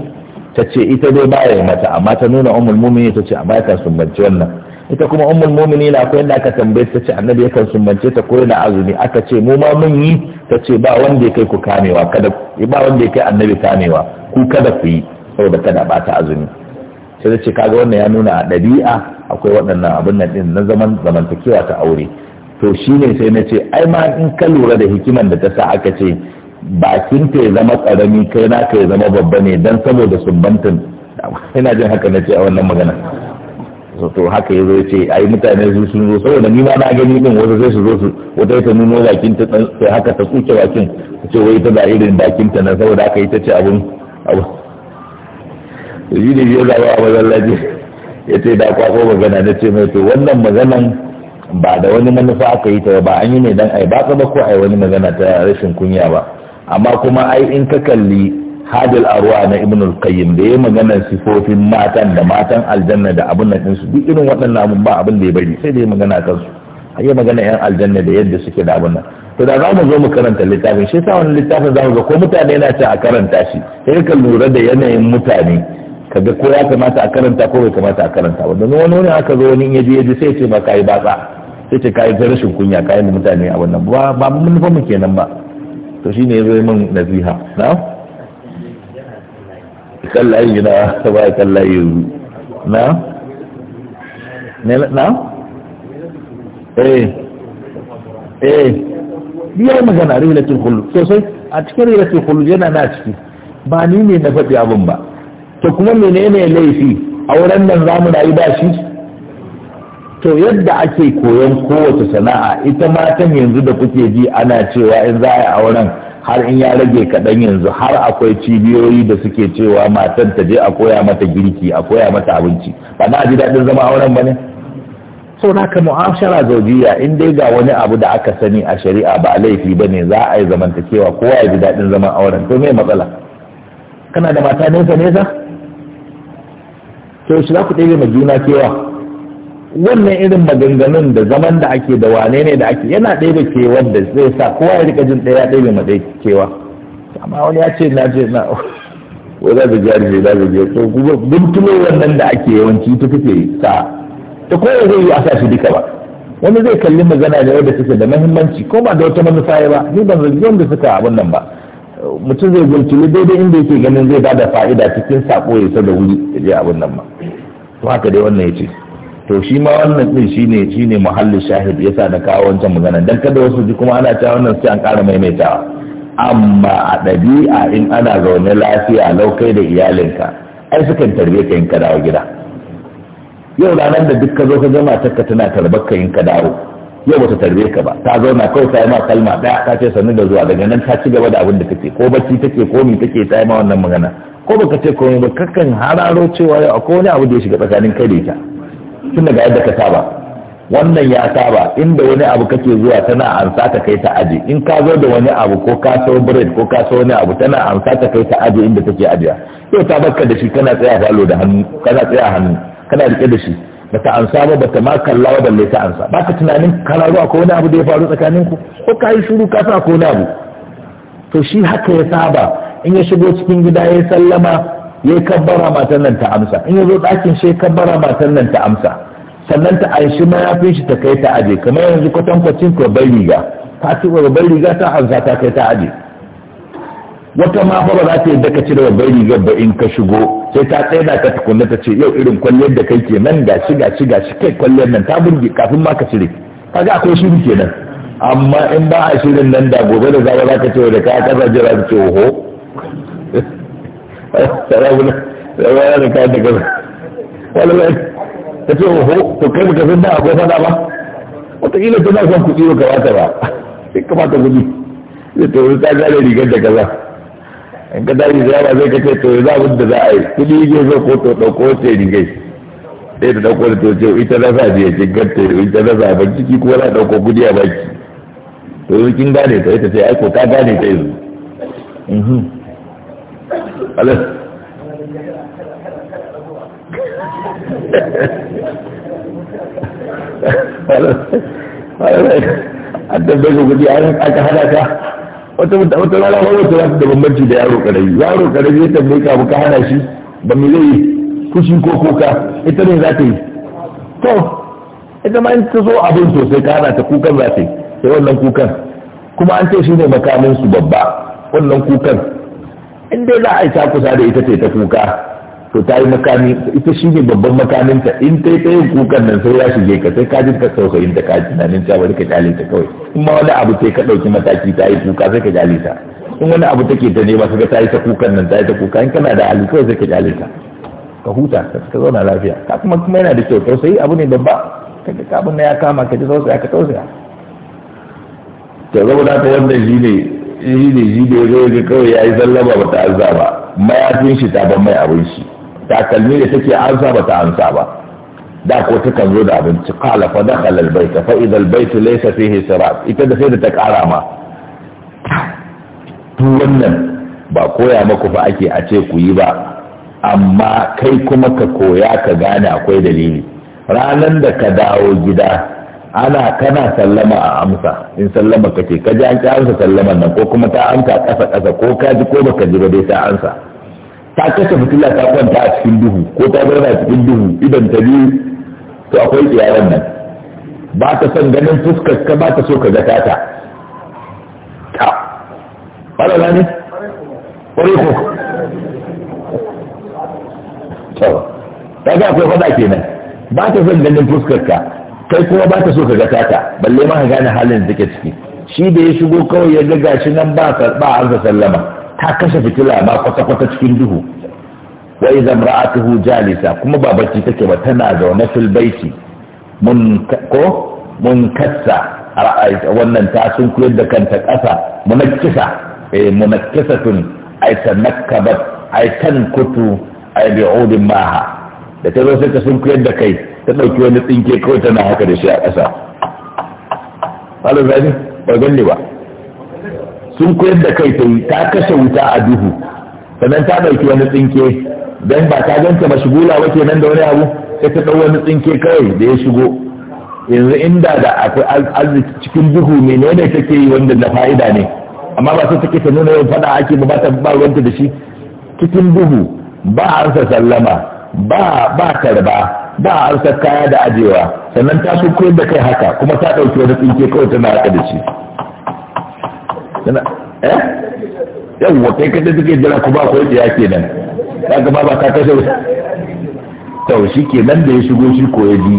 Speaker 1: ta ce ita dai baya mata amma ta nuna ummul mu'minin ta ce amma yakan sumbance wannan ita kuma ummul mu'minin akwai yadda aka tambaye ta ce annabi yakan sumbance ta ko da azumi aka ce mu ma mun yi ta ce ba wanda ya kai ku kamewa kada ba wanda ya kai annabi kamewa ku kada ku yi saboda kada bata azumi sai ta ce kaga wannan ya nuna a ɗabi'a akwai waɗannan abin nan din na zaman zamantakewa ta aure to shine sai na ce ai ma in ka lura da hikiman da ta sa aka ce bakin ta ya zama karami kai naka ya zama babba ne dan saboda sumbantin ina jin haka na ce a wannan magana to haka ya zo ce ai mutane su sun zo saboda ni ma na gani din wasu sai su zo su wata ta nuno bakin ta sai haka ta tsuke bakin ta ce wai ta da irin bakin ta na saboda haka ita ce abun abu to da ne ya ba a mazallaci ya ce da kwako magana na ce mai to wannan maganan ba da wani manufa aka yi ta ba an yi ne dan ai ba ka ba ko ai wani magana ta rashin kunya ba amma kuma ai in ka kalli hadil arwa na ibn al-qayyim da yayi maganar sifofin matan da matan aljanna da abun nan su duk irin waɗannan abun ba abin da ya bari sai da yayi magana kan su ayi magana yan aljanna da yadda suke da abun nan to da za mu zo mu karanta littafin shi yasa wani littafin za mu ga ko mutane yana ta a karanta shi sai ka lura da yanayin mutane kaga ko ya kamata a karanta ko bai kamata a karanta ba don wani wani aka zo wani in yaji yaji sai ce ba kai batsa sai ce kai ta rashin kunya kai mutane a wannan ba ba mun fa mu kenan ba to shine yazo min nasiha na'am kan yi na ba kan yi yanzu na na
Speaker 2: eh eh yi
Speaker 1: magana rilatul khulud sosai a cikin rilatul khulud yana na ciki ba ni ne na faɗi abin ba to kuma menene laifi auren nan za mu rayu ba shi to yadda ake koyon kowace sana'a ita matan yanzu da kuke ji ana cewa in za a yi auren har in ya rage kaɗan yanzu har akwai cibiyoyi da suke cewa matan ta je a koya mata girki a koya mata abinci ba na ji daɗin zama auren ba ne sau na ka mu'ashara zaujiya in dai ga wani abu da aka sani a shari'a ba laifi ba ne za a yi zamantakewa kowa ya ji daɗin zaman auren to me matsala kana da mata nesa nesa to shi za ku ɗebe ma juna kewa wannan irin maganganun da zaman da ake da wane ne da ake yana ɗaya da ke wanda zai sa kowa ya rika jin ɗaya ɗaya ma ɗaya kewa amma wani ya ce na ce na ko za ka jari ne za ka je ko kuma tuno wannan da ake yawanci ta kake sa ta kowa zai yi a sa shi duka ba wani zai kalli magana da wadda suke da mahimmanci ko ba da wata manufa ba ni ban zargi wanda suka abin nan ba mutum zai guntuli daidai inda yake ganin zai bada fa'ida cikin sako ya sa da wuri ya je abin nan ba to haka dai wannan ya ce to shi ma wannan din shine shine muhallin shahid yasa da kawo wancan magana dan kada wasu ji kuma ana cewa wannan sai an ƙara maimaitawa amma a ɗabi'a in ana zaune lafiya laukai da iyalinka ai sukan tarbe ka in ka dawo gida yau ranar da duk ka zo ka zama takka tana tarbar ka in ka dawo yau bata tarbe ka ba ta zauna kawai ta ma kalma ɗaya ta ce sannu da zuwa daga nan ta ci gaba da abin da kake ko bacci take ko mi take ta yi ma wannan magana ko baka ce komai ba kakan hararo cewa yau akwai wani abu da ya shiga tsakanin kai da ita tun daga yadda ka saba wannan ya saba inda wani abu kake zuwa tana ansa ta kai ta aji in ka zo da wani abu ko ka so bread ko ka so wani abu tana ansa ta kai ta aji inda take ajiya yau ta barka da shi kana tsaya falo da hannu kana tsaya hannu kana rike da shi bata ansa ba bata ma kalla wa balle ta ansa baka tunanin kana zuwa ko wani abu da ya faru tsakanin ku ko ka yi shiru ka sa ko wani abu to shi haka ya saba in ya shigo cikin gida ya sallama ya kabbara matan nan ta amsa in ya zo ɗakin shi kabbara matan nan ta amsa sannan ta aishi mayafin shi ta kai ta aje kamar yanzu kwatankwacin bai riga ta ci riga ta amsa ta kai ta aje wata ma fa ba za ta yadda ka cire babbar rigar ba in ka shigo sai ta tsaida ka tukunna ta ce yau irin kwalliyar da kai kenan gashi gashi gashi kai kwalliyar nan ta burge kafin ma ka cire kaga akwai shiri kenan amma in ba a shirin nan da gobe da za ka ce da ka kasa jira ta ce oho sarabuna sarabuna da kayan da kaza wani mai ta ce oho to kai baka san da akwai fada ba wataƙila ta na son kuɗi ba kamata ba sai kamata kuɗi zai ta ta gane rigar da kaza in ka tashi ziyara zai kace ce to za mu da za a yi kuɗi yake zo ko to ɗauko ce rigai sai ta ɗauko da to ce ita na sa je ce ganta ita na sa ban ciki kuma a ɗauko kuɗi a baki to kin gane ta ita ce aiko ko ka gane ta yanzu mhm. an tambaye kuɗi an aka hada ka wata wata rana ba wata rana da bambanci da yaro karami yaro karami ya tambaye ka ka hana shi ba mu zai kushi ko kuka ita ne za ta yi to ita ma in ta zo abin sosai ka hana ta kukan za ta yi sai wannan kukan kuma an ce shi ne makamin su babba wannan kukan in dai za a yi kusa da ita ce ta kuka to ta yi makami ita shi ne babban makaminta in ta yi ta yin kukan nan sai ya shige ka sai kajin ka saukayin ta kaji na nan cewa ka jale ta kawai in ma wani abu sai ka ɗauki mataki ta yi kuka sai ka jale ta in wani abu take ta nema sai ka ta yi ta kukan nan ta yi ta kuka in kana da hali kawai sai ka jale ta ka huta ka zauna lafiya ka kuma kuma yana da kyau tausayi abu ne babba ka ga kabin na ya kama ka ji tausaya ka tausaya ta zauna ta wannan shi ne shi ne shi da ya zo kawai ya yi zallaba ba ta ansa ba mayafin shi ta ban mai abin shi takalmi da take ansa ba ta ansa ba da ko ta kan zo da abinci kala fa dakhala al bayt fa idha al bayt laysa fihi ita da sai da ta kara ma to wannan ba koya maku fa ake a ce ku yi ba amma kai kuma ka koya ka gane akwai dalili ranan da ka dawo gida ana kana sallama a amsa in sallama kake ji an ki amsa sallaman nan ko kuma ta amsa ƙasa ƙasa ko ka ji ko baka ji ba dai ta amsa ta kashe fitila ta kwanta a cikin duhu ko ta zauna a cikin duhu idan ta biyu to akwai tsiyaran nan ba ta son ganin fuskar ka ba ta so ka ga ta ta ƙwararra ne ƙwarai ko to ta ga akwai faɗa kenan ba ta son ganin fuskar ka kai kuma ba ta so ka ga tata balle ma ka gane halin da take ciki shi da ya shigo kawai ya ga gashi nan ba ba an sallama ta kashe fitila ba kwata kwata cikin duhu wa idza tuhu jalisa kuma ba bacci take ba tana zaune fil baiti mun ko mun kassa wannan ta sun kuyar da kanta ƙasa munakkisa eh munakkisatun ay tanakkabat ay tankutu ay bi'udin maha da ta zo sai ta sun kuyar da kai ta ɗauki wani tsinke kawai tana haka da shi a ƙasa halin ba ganni ba sun koyar da kai ta yi ta kashe wuta a duhu sannan ta ɗauki wani tsinke don ba ta ganta mashigula ba kenan da wani abu sai ta ɗau wani tsinke kawai da ya shigo yanzu inda da akwai arziki cikin duhu menene take yi wanda na fa'ida ne amma ba sai take ta nuna yau fada ake ba ta ba ruwanta da shi cikin duhu ba ansa sallama ba ba karba ba a harkar kaya da ajewa sannan ta fi koyar da kai haka kuma ta ɗauki wani tsinke kawai tana haka da shi eh
Speaker 2: wa kai kada take jira kuma akwai tsiya kenan ta gaba ba ta kashe
Speaker 1: to shi kenan da ya shigo shi ko ya ji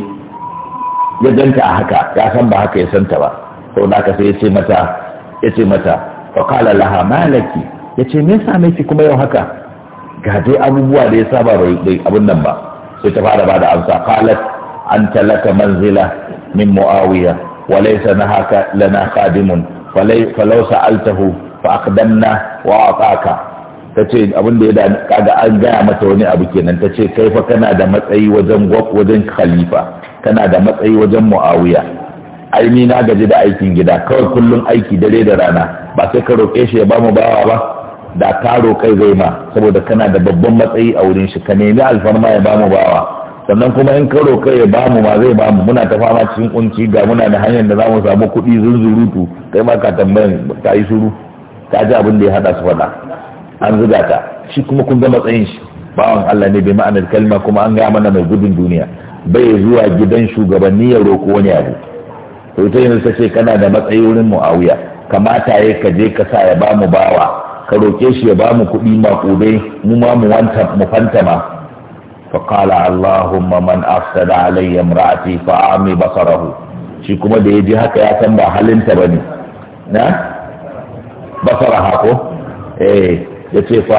Speaker 1: ya ganta a haka ya san ba haka ya santa ba sau da sai ya ce mata ya ce mata fa qala laha malaki ya ce me yasa mai kuma yau haka ga dai abubuwa da ya saba bai abin nan ba sai ta fara bada amsa qalat anta laka manzila min muawiya wa laysa nahaka lana khadimun falau sa'altahu fa aqdamna wa ataka tace abin da ya kaga an gaya mata wani abu kenan tace kai fa kana da matsayi wajen gwab wajen khalifa kana da matsayi wajen muawiya ai ni na gaji da aikin gida kawai kullum aiki dare da rana ba sai ka roƙe shi ya ba mu bawa ba da karo kai zai ma saboda kana da babban matsayi a wurin shi ka nemi alfarma ya bamu bawa sannan kuma in karo kai ya bamu ma zai bamu muna ta fama cikin kunci ga muna da hanyar da za mu samu kuɗi zunzurutu kai ma ka tambayan ta yi shuru ka ji abin da ya haɗa su faɗa an zuga ta shi kuma kun ga matsayin shi bawan Allah ne bai ma'anar kalma kuma an gaya mana mai gudun duniya bai zuwa gidan shugabanni ya roƙo wani abu to ita yanzu ta ce kana da matsayi wurin mu'awiya kamata ya ka je ka sa ya bamu bawa ka roƙe shi ya ba mu kuɗi maƙudai mu ma mu wanta mu fantama fa qala allahumma man afsada alayya imraati fa ami basarahu shi kuma da ya ji haka ya san ba halinta bane na basaraha ko eh yace fa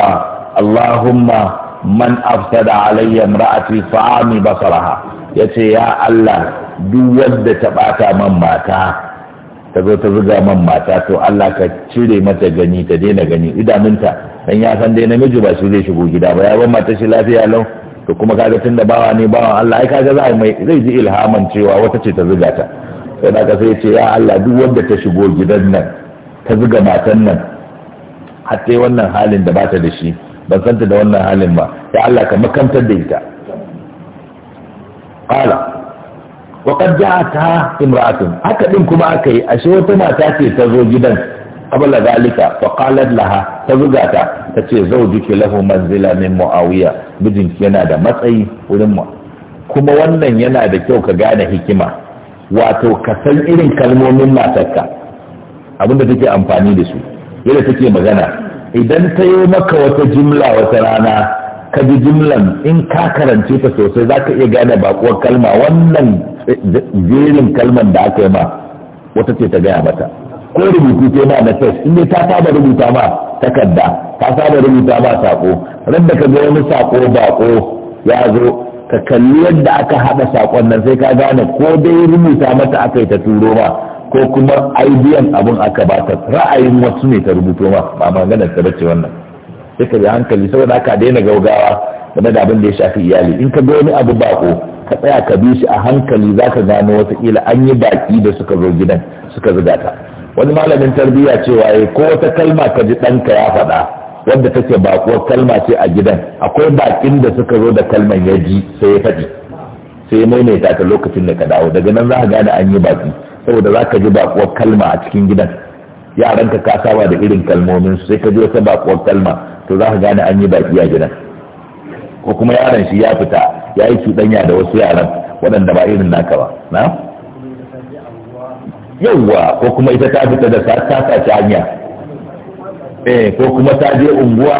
Speaker 1: allahumma man afsada alayya imraati fa ami basaraha yace ya allah duk wanda ta bata man mata ta zo ta zuga man mata to Allah ka cire mata gani ta daina gani idanunta dan ya san dai namiji ba shi zai shigo gida ba ya ban mata shi lafiya lau to kuma kaga tunda bawa ne bawan Allah ai kaga za mai zai ji ilhaman cewa wata ce ta zuga ta sai da sai ce ya Allah duk wanda ta shigo gidan nan ta zuga matan nan har sai wannan halin da bata da shi ban santa da wannan halin ba ya Allah ka makantar da ita qala wa qad ja'ata imra'atun haka din kuma aka yi ashe wata mata ce ta zo gidan qabla zalika fa laha ta zuga ta tace zawjuki lahu manzila min muawiya mijinki yana da matsayi wurin mu kuma wannan yana da kyau ka gane hikima wato ka san irin kalmomin matarka abinda take amfani da su yadda take magana idan ta yi maka wata jimla wata rana ka ji jimlan in ka karance ta sosai za ka iya gane bakuwar kalma wannan jerin kalmar da aka yi ma wata ce ta gaya mata ko rubutu ce ma na test in ta saba rubuta ma takarda ta saba rubuta ma sako ran da ka ga wani sako bako ya zo ka kalli yadda aka haɗa sakon nan sai ka gane ko dai rubuta mata aka yi ta turo ma ko kuma aibiyan abun aka bata ra'ayin wasu ne ta rubuto ma ba maganar ta bace wannan sai ka bi hankali saboda haka daina gaugawa game da abin da ya shafi iyali in ka ga wani abu bako ka tsaya ka bi shi a hankali za ka gano watakila an yi baki da suka zo gidan suka zuga ta wani malamin tarbiyya cewa ya ko wata kalma ka ji ɗanka ya faɗa wadda take bakuwar kalma ce a gidan akwai bakin da suka zo da kalman ya ji sai ya faɗi sai ya maimaita ta lokacin da ka dawo daga nan za ka gane an yi baki saboda za ka ji bakuwar kalma a cikin gidan yaranka ka saba da irin kalmomin su sai ka je wata bakuwar kalma to za ka gane an yi baki a gidan ko kuma yaron shi ya fita ya yi cuɗanya da wasu yaran waɗanda ba irin naka ba na yawwa ko kuma ita ta fita da ta sace hanya eh ko kuma ta je unguwa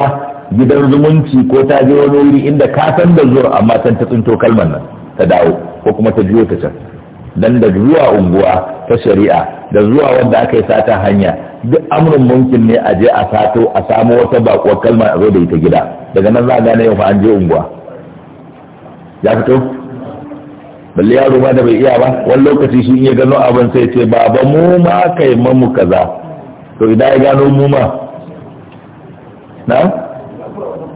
Speaker 1: gidan zumunci ko ta je wani wuri inda ka san da zuwa amma san ta tsinto kalmar nan ta dawo ko kuma ta juyo ta can dan da zuwa unguwa ta shari'a da zuwa wanda aka yi sata hanya duk amrin mumkin ne a je a sato a samo wata bakuwar kalma a zo da ita gida daga nan za a gane yau an je unguwa ya fito balle yaro ma da bai iya ba wani lokaci shi ya gano abin sai ce baba mu ma kai mamu kaza to idan ya gano mu ma na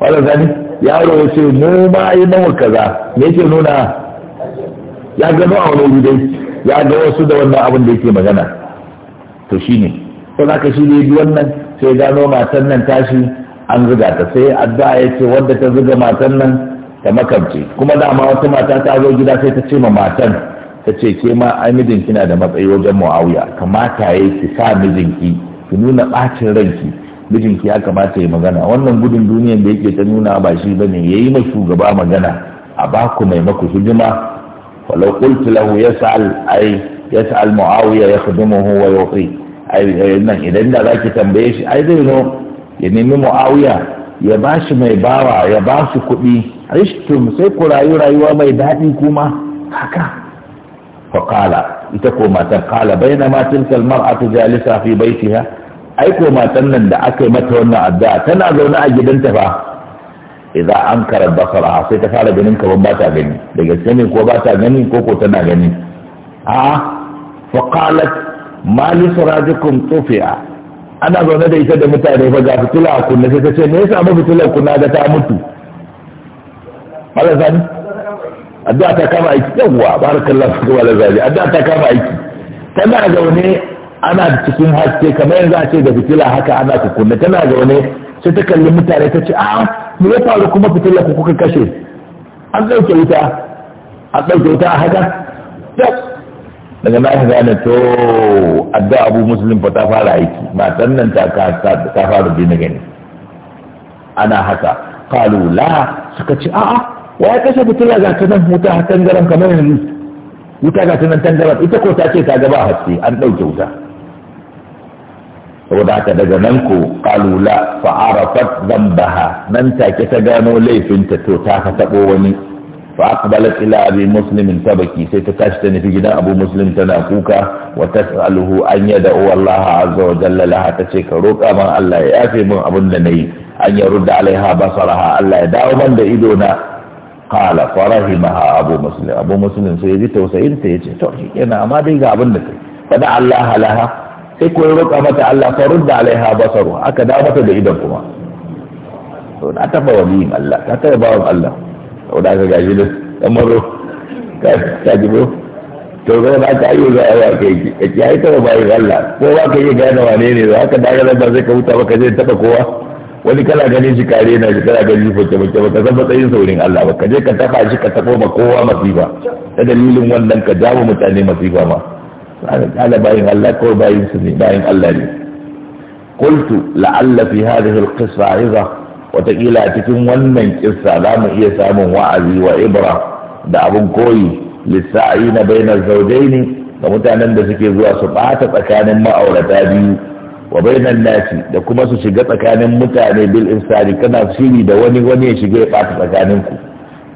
Speaker 1: wadda zani yaro ya ce mu ma yi mamu kaza me yake nuna ya gano a wani wuri dai ya ga wasu da wannan abin da yake magana to shine za ka shi ne wannan sai gano matan nan tashi an zuga ta sai addu'a ce wadda ta zuga matan nan ta makamce kuma dama wata mata ta zo gida sai ta ce ma matan ta ce ke ma ai mijinki na da matsayi wajen muawiya kamata ya ki sa mijinki ki nuna bacin ranki mijinki ya kamata ya magana wannan gudun duniyan da yake ta nuna ba shi ba ne ya yi ma shugaba magana a baku mai maku hijima ولو قلت له يسأل أي يسأل معاوية يخدمه ويعطيه أي إذن لا ذاك تنبيش أي دينه يعني معاوية ya ba shi mai bawa ya ba su kuɗi rishtum sai ku rayu rayuwa mai daɗi kuma haka faƙala ita ko matan ƙala bai na matan kalmar a tujalisa fi baitiha ai ko nan da aka yi mata wannan addu'a tana zaune a gidanta ba. an kara basara sai ta fara ganin kaban ba ta gani daga gaske ko ba ta gani ko ko tana gani a fa qalat ma li ana zaune da ita da mutane ba ga fitila a kunna sai ta ce me yasa ba fitilar kunna ga ta mutu malazani addu'a ta kama aiki yawwa barakallahu fik malazani addu'a ta kama aiki tana zaune ana cikin haske kamar yanzu a ce da fitila haka ana kunna tana zaune sai ta kalli mutane ta ce a me ya faru kuma fitila ku kuka kashe an ɗauke wuta a ɗauke wuta a haka daga na ka gane to adda abu muslim fa ta fara aiki Ba sannan ta ta fara dina gani ana haka kalu la suka ce a'a wa ya kashe fitila ga ta nan wuta tangaran kamar yanzu wuta ga ta nan tangaran ita ko ta ce ta gaba haske an ɗauke wuta saboda haka daga nan ko kalula fa'arafat zambaha nan take ta gano laifinta to ta ka tabo wani fa aqbalat ila abi muslim tabaki sai ta tashi ta nufi gidan abu muslim tana kuka wa tas'aluhu an yad'u Allah azza wa jalla laha tace ka roƙa man Allah ya yafe min abin da nayi an yarudda alaiha basaraha Allah ya dawo man da ido na qala farahimaha abu muslim abu muslim sai ya ji tausayin ta yace to yana amma dai ga abin da kai fa da Allah laha sai ko roƙa mata Allah fa rudda alaiha basaru aka da mata da idan kuma to na taba waliyin Allah ta taba wa Allah to da aka gaji da amaro ka ji to ga da aka yi za a yi aka yi ka yi taba bayan Allah ko ba ka yi gane wane ne za ka daga da ba zai ka huta ba ka zai taba kowa wani kana ganin shi kare na shi kana ganin shi fake fake ba ka san matsayin saurin Allah ba ka je ka taka shi ka tabo ma kowa masifa ta dalilin wannan ka jawo mutane masifa ma قال باين الله bayan باين ne? باين la'allafi لي قلت لعل في هذه القصة عظة وتقيل أتكم ونن قصة لام إيه سام وعزي وإبرة da abun koyi lissa'i na bainar zaudaini ga mutanen da suke zuwa su bata tsakanin ma'aurata biyu wa bainan nasi da kuma su shiga tsakanin mutane bil insani kana shiri da wani wani ya shiga ya bata tsakanin ku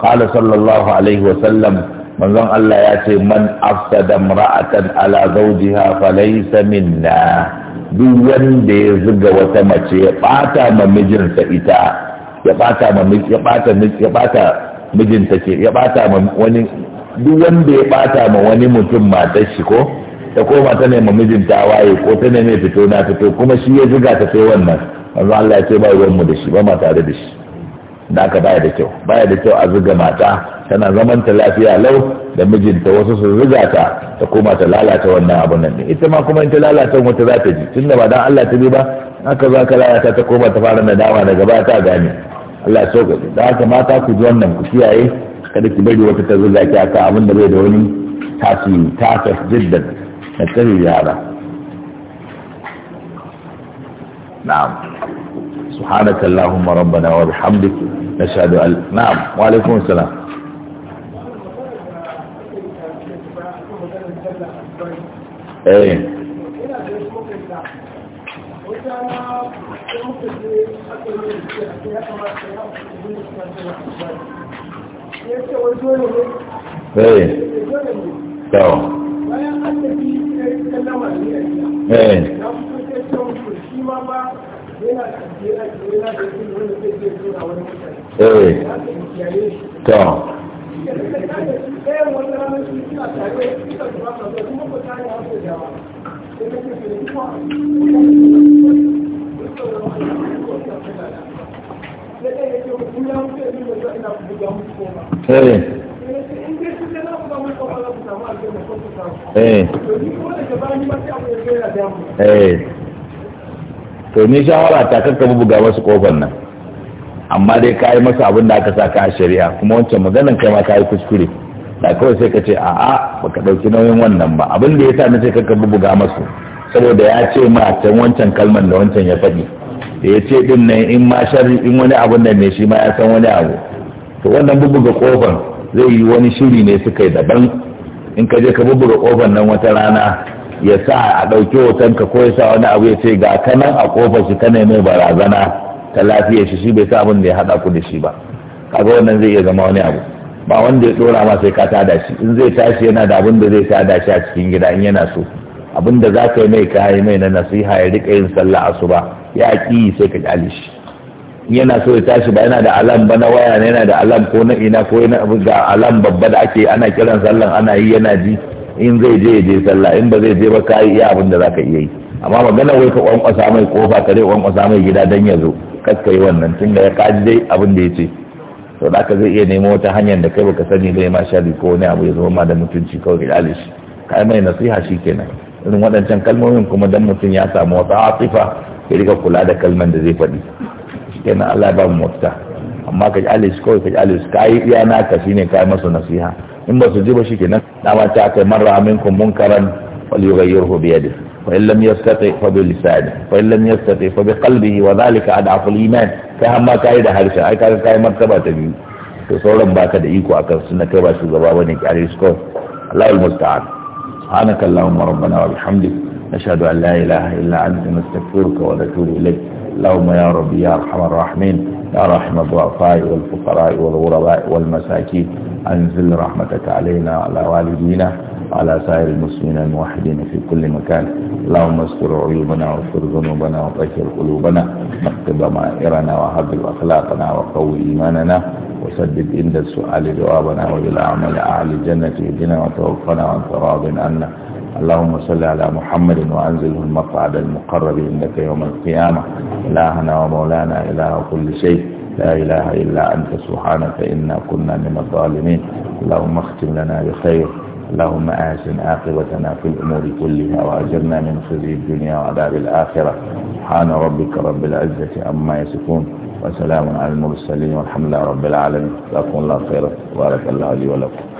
Speaker 1: qala sallallahu alaihi wa sallam manzon Allah ya ce man afsada mar'atan ala zawjiha falaysa minna duk wanda ya zuga wata mace ya bata ma mijinta ita ya bata ma ya bata ya bata mijinta ke ya bata ma wani duk wanda ya bata ma wani mutum matar shi ko ta koma ta nema mijinta waye ko ta neme fito na fito kuma shi ya zuga ta sai wannan manzon Allah ya ce ba ruwan mu da shi ba ma tare da shi da aka baya da kyau baya da kyau a zuga mata tana zaman ta lafiya lau da mijinta wasu su zuga ta ta koma ta lalata wannan abun nan ita ma kuma in ta lalata wata za ta ji tun da ba dan Allah ta bi ba haka za ka lalata ta koma ta fara nadama daga baya ta gane Allah ya sauka da haka mata ku ji wannan ku kiyaye kada ki bari wata ta zuga ki aka abin da bai da wani tasiri ta jiddan na tsari yara na'am سبحانك اللهم ربنا وبحمدك نشهد أن نعم وعليكم السلام
Speaker 2: ايه ايه ايه eh to Eh. Eh.
Speaker 1: Eh. to ni shawara ta kakka bubuga masu kofar nan amma dai ka yi masa abin da aka sa ka shari'a kuma wancan maganan kai ma ka yi kuskure da kawai sai ka ce a'a ka ɗauki nauyin wannan ba abin da ya sa na ce kakka buga masu saboda ya ce ma can wancan kalman da wancan ya faɗi da ya ce din nan in ma shari in wani abun nan ne shi ma ya san wani abu to wannan bubuga kofar zai yi wani shiri ne suka yi daban in ka je ka bubuga kofar nan wata rana ya sa a ɗauki hotonka ko ya sa wani abu ya ce ga kanan a kofar shi kana mai barazana ta lafiya shi shi bai sa abin da ya haɗa ku da shi ba kaga wannan zai iya zama wani abu ba wanda ya ɗora ma sai ka tada shi in zai tashi yana da abin da zai tada shi a cikin gida in yana so abin da za ka yi mai kayi mai na nasiha ya riƙa yin sallah ba ya ƙi sai ka ƙyale shi yana so ya tashi ba yana da alam ba na waya yana da alam ko na ina ko na ga alam babba da ake ana kiran sallan ana yi yana ji in zai je je sallah in ba zai je ba ka iya abin da zaka iya yi amma magana wai ka kwankwasa mai kofa ka dai kwankwasa mai gida dan ya zo kas yi wannan tun da ya kaji dai abin da ya ce to da ka zai iya nemo wata hanyar da kai baka sani bai ma shari ko wani abu ya zama ma da mutunci kawai ka dale kai mai nasiha shi kenan irin waɗancan kalmomin kuma dan mutum ya samu wata atifa ya rika kula da kalman da zai faɗi kenan Allah ba mu mutta amma ka ji kawai ka ji ka iya naka shine ka yi masa nasiha in ba su ji ba shi kenan dama ta kai marra minkum munkaran wal yughayyirhu bi yadihi fa in lam yastati fa bi lisani fa in lam yastati fa bi qalbihi wa dhalika ad'afu al iman kai amma kai da harshe ai kaga kai martaba ta biyu to sauran baka da iko akan sunna kai ba shugaba bane kare su ko Allahu musta'an subhanaka allahumma rabbana wa bihamdik nashhadu an la ilaha illa anta nastaghfiruka wa natubu ilayk اللهم يا رب يا أرحم الراحمين يا رحم الضعفاء والفقراء والغرباء والمساكين أنزل رحمتك علينا على والدينا على سائر المسلمين الموحدين في كل مكان اللهم استر عيوبنا واغفر ذنوبنا وطهر قلوبنا نقض ضمائرنا وهب أخلاقنا وقوي إيماننا وسدد عند السؤال جوابنا وبالأعمال أعلى الجنة اهدنا وتوفنا وانت راض عنا اللهم صل على محمد وأنزله المقعد المقرب إنك يوم القيامة إلهنا ومولانا إله كل شيء لا إله إلا أنت سبحانك إنا كنا من الظالمين اللهم اختم لنا بخير اللهم أحسن عاقبتنا في الأمور كلها وأجرنا من خزي الدنيا وعذاب الآخرة سبحان ربك رب العزة عما يصفون وسلام على المرسلين والحمد لله رب العالمين لكم الله خيرا بارك الله لي ولكم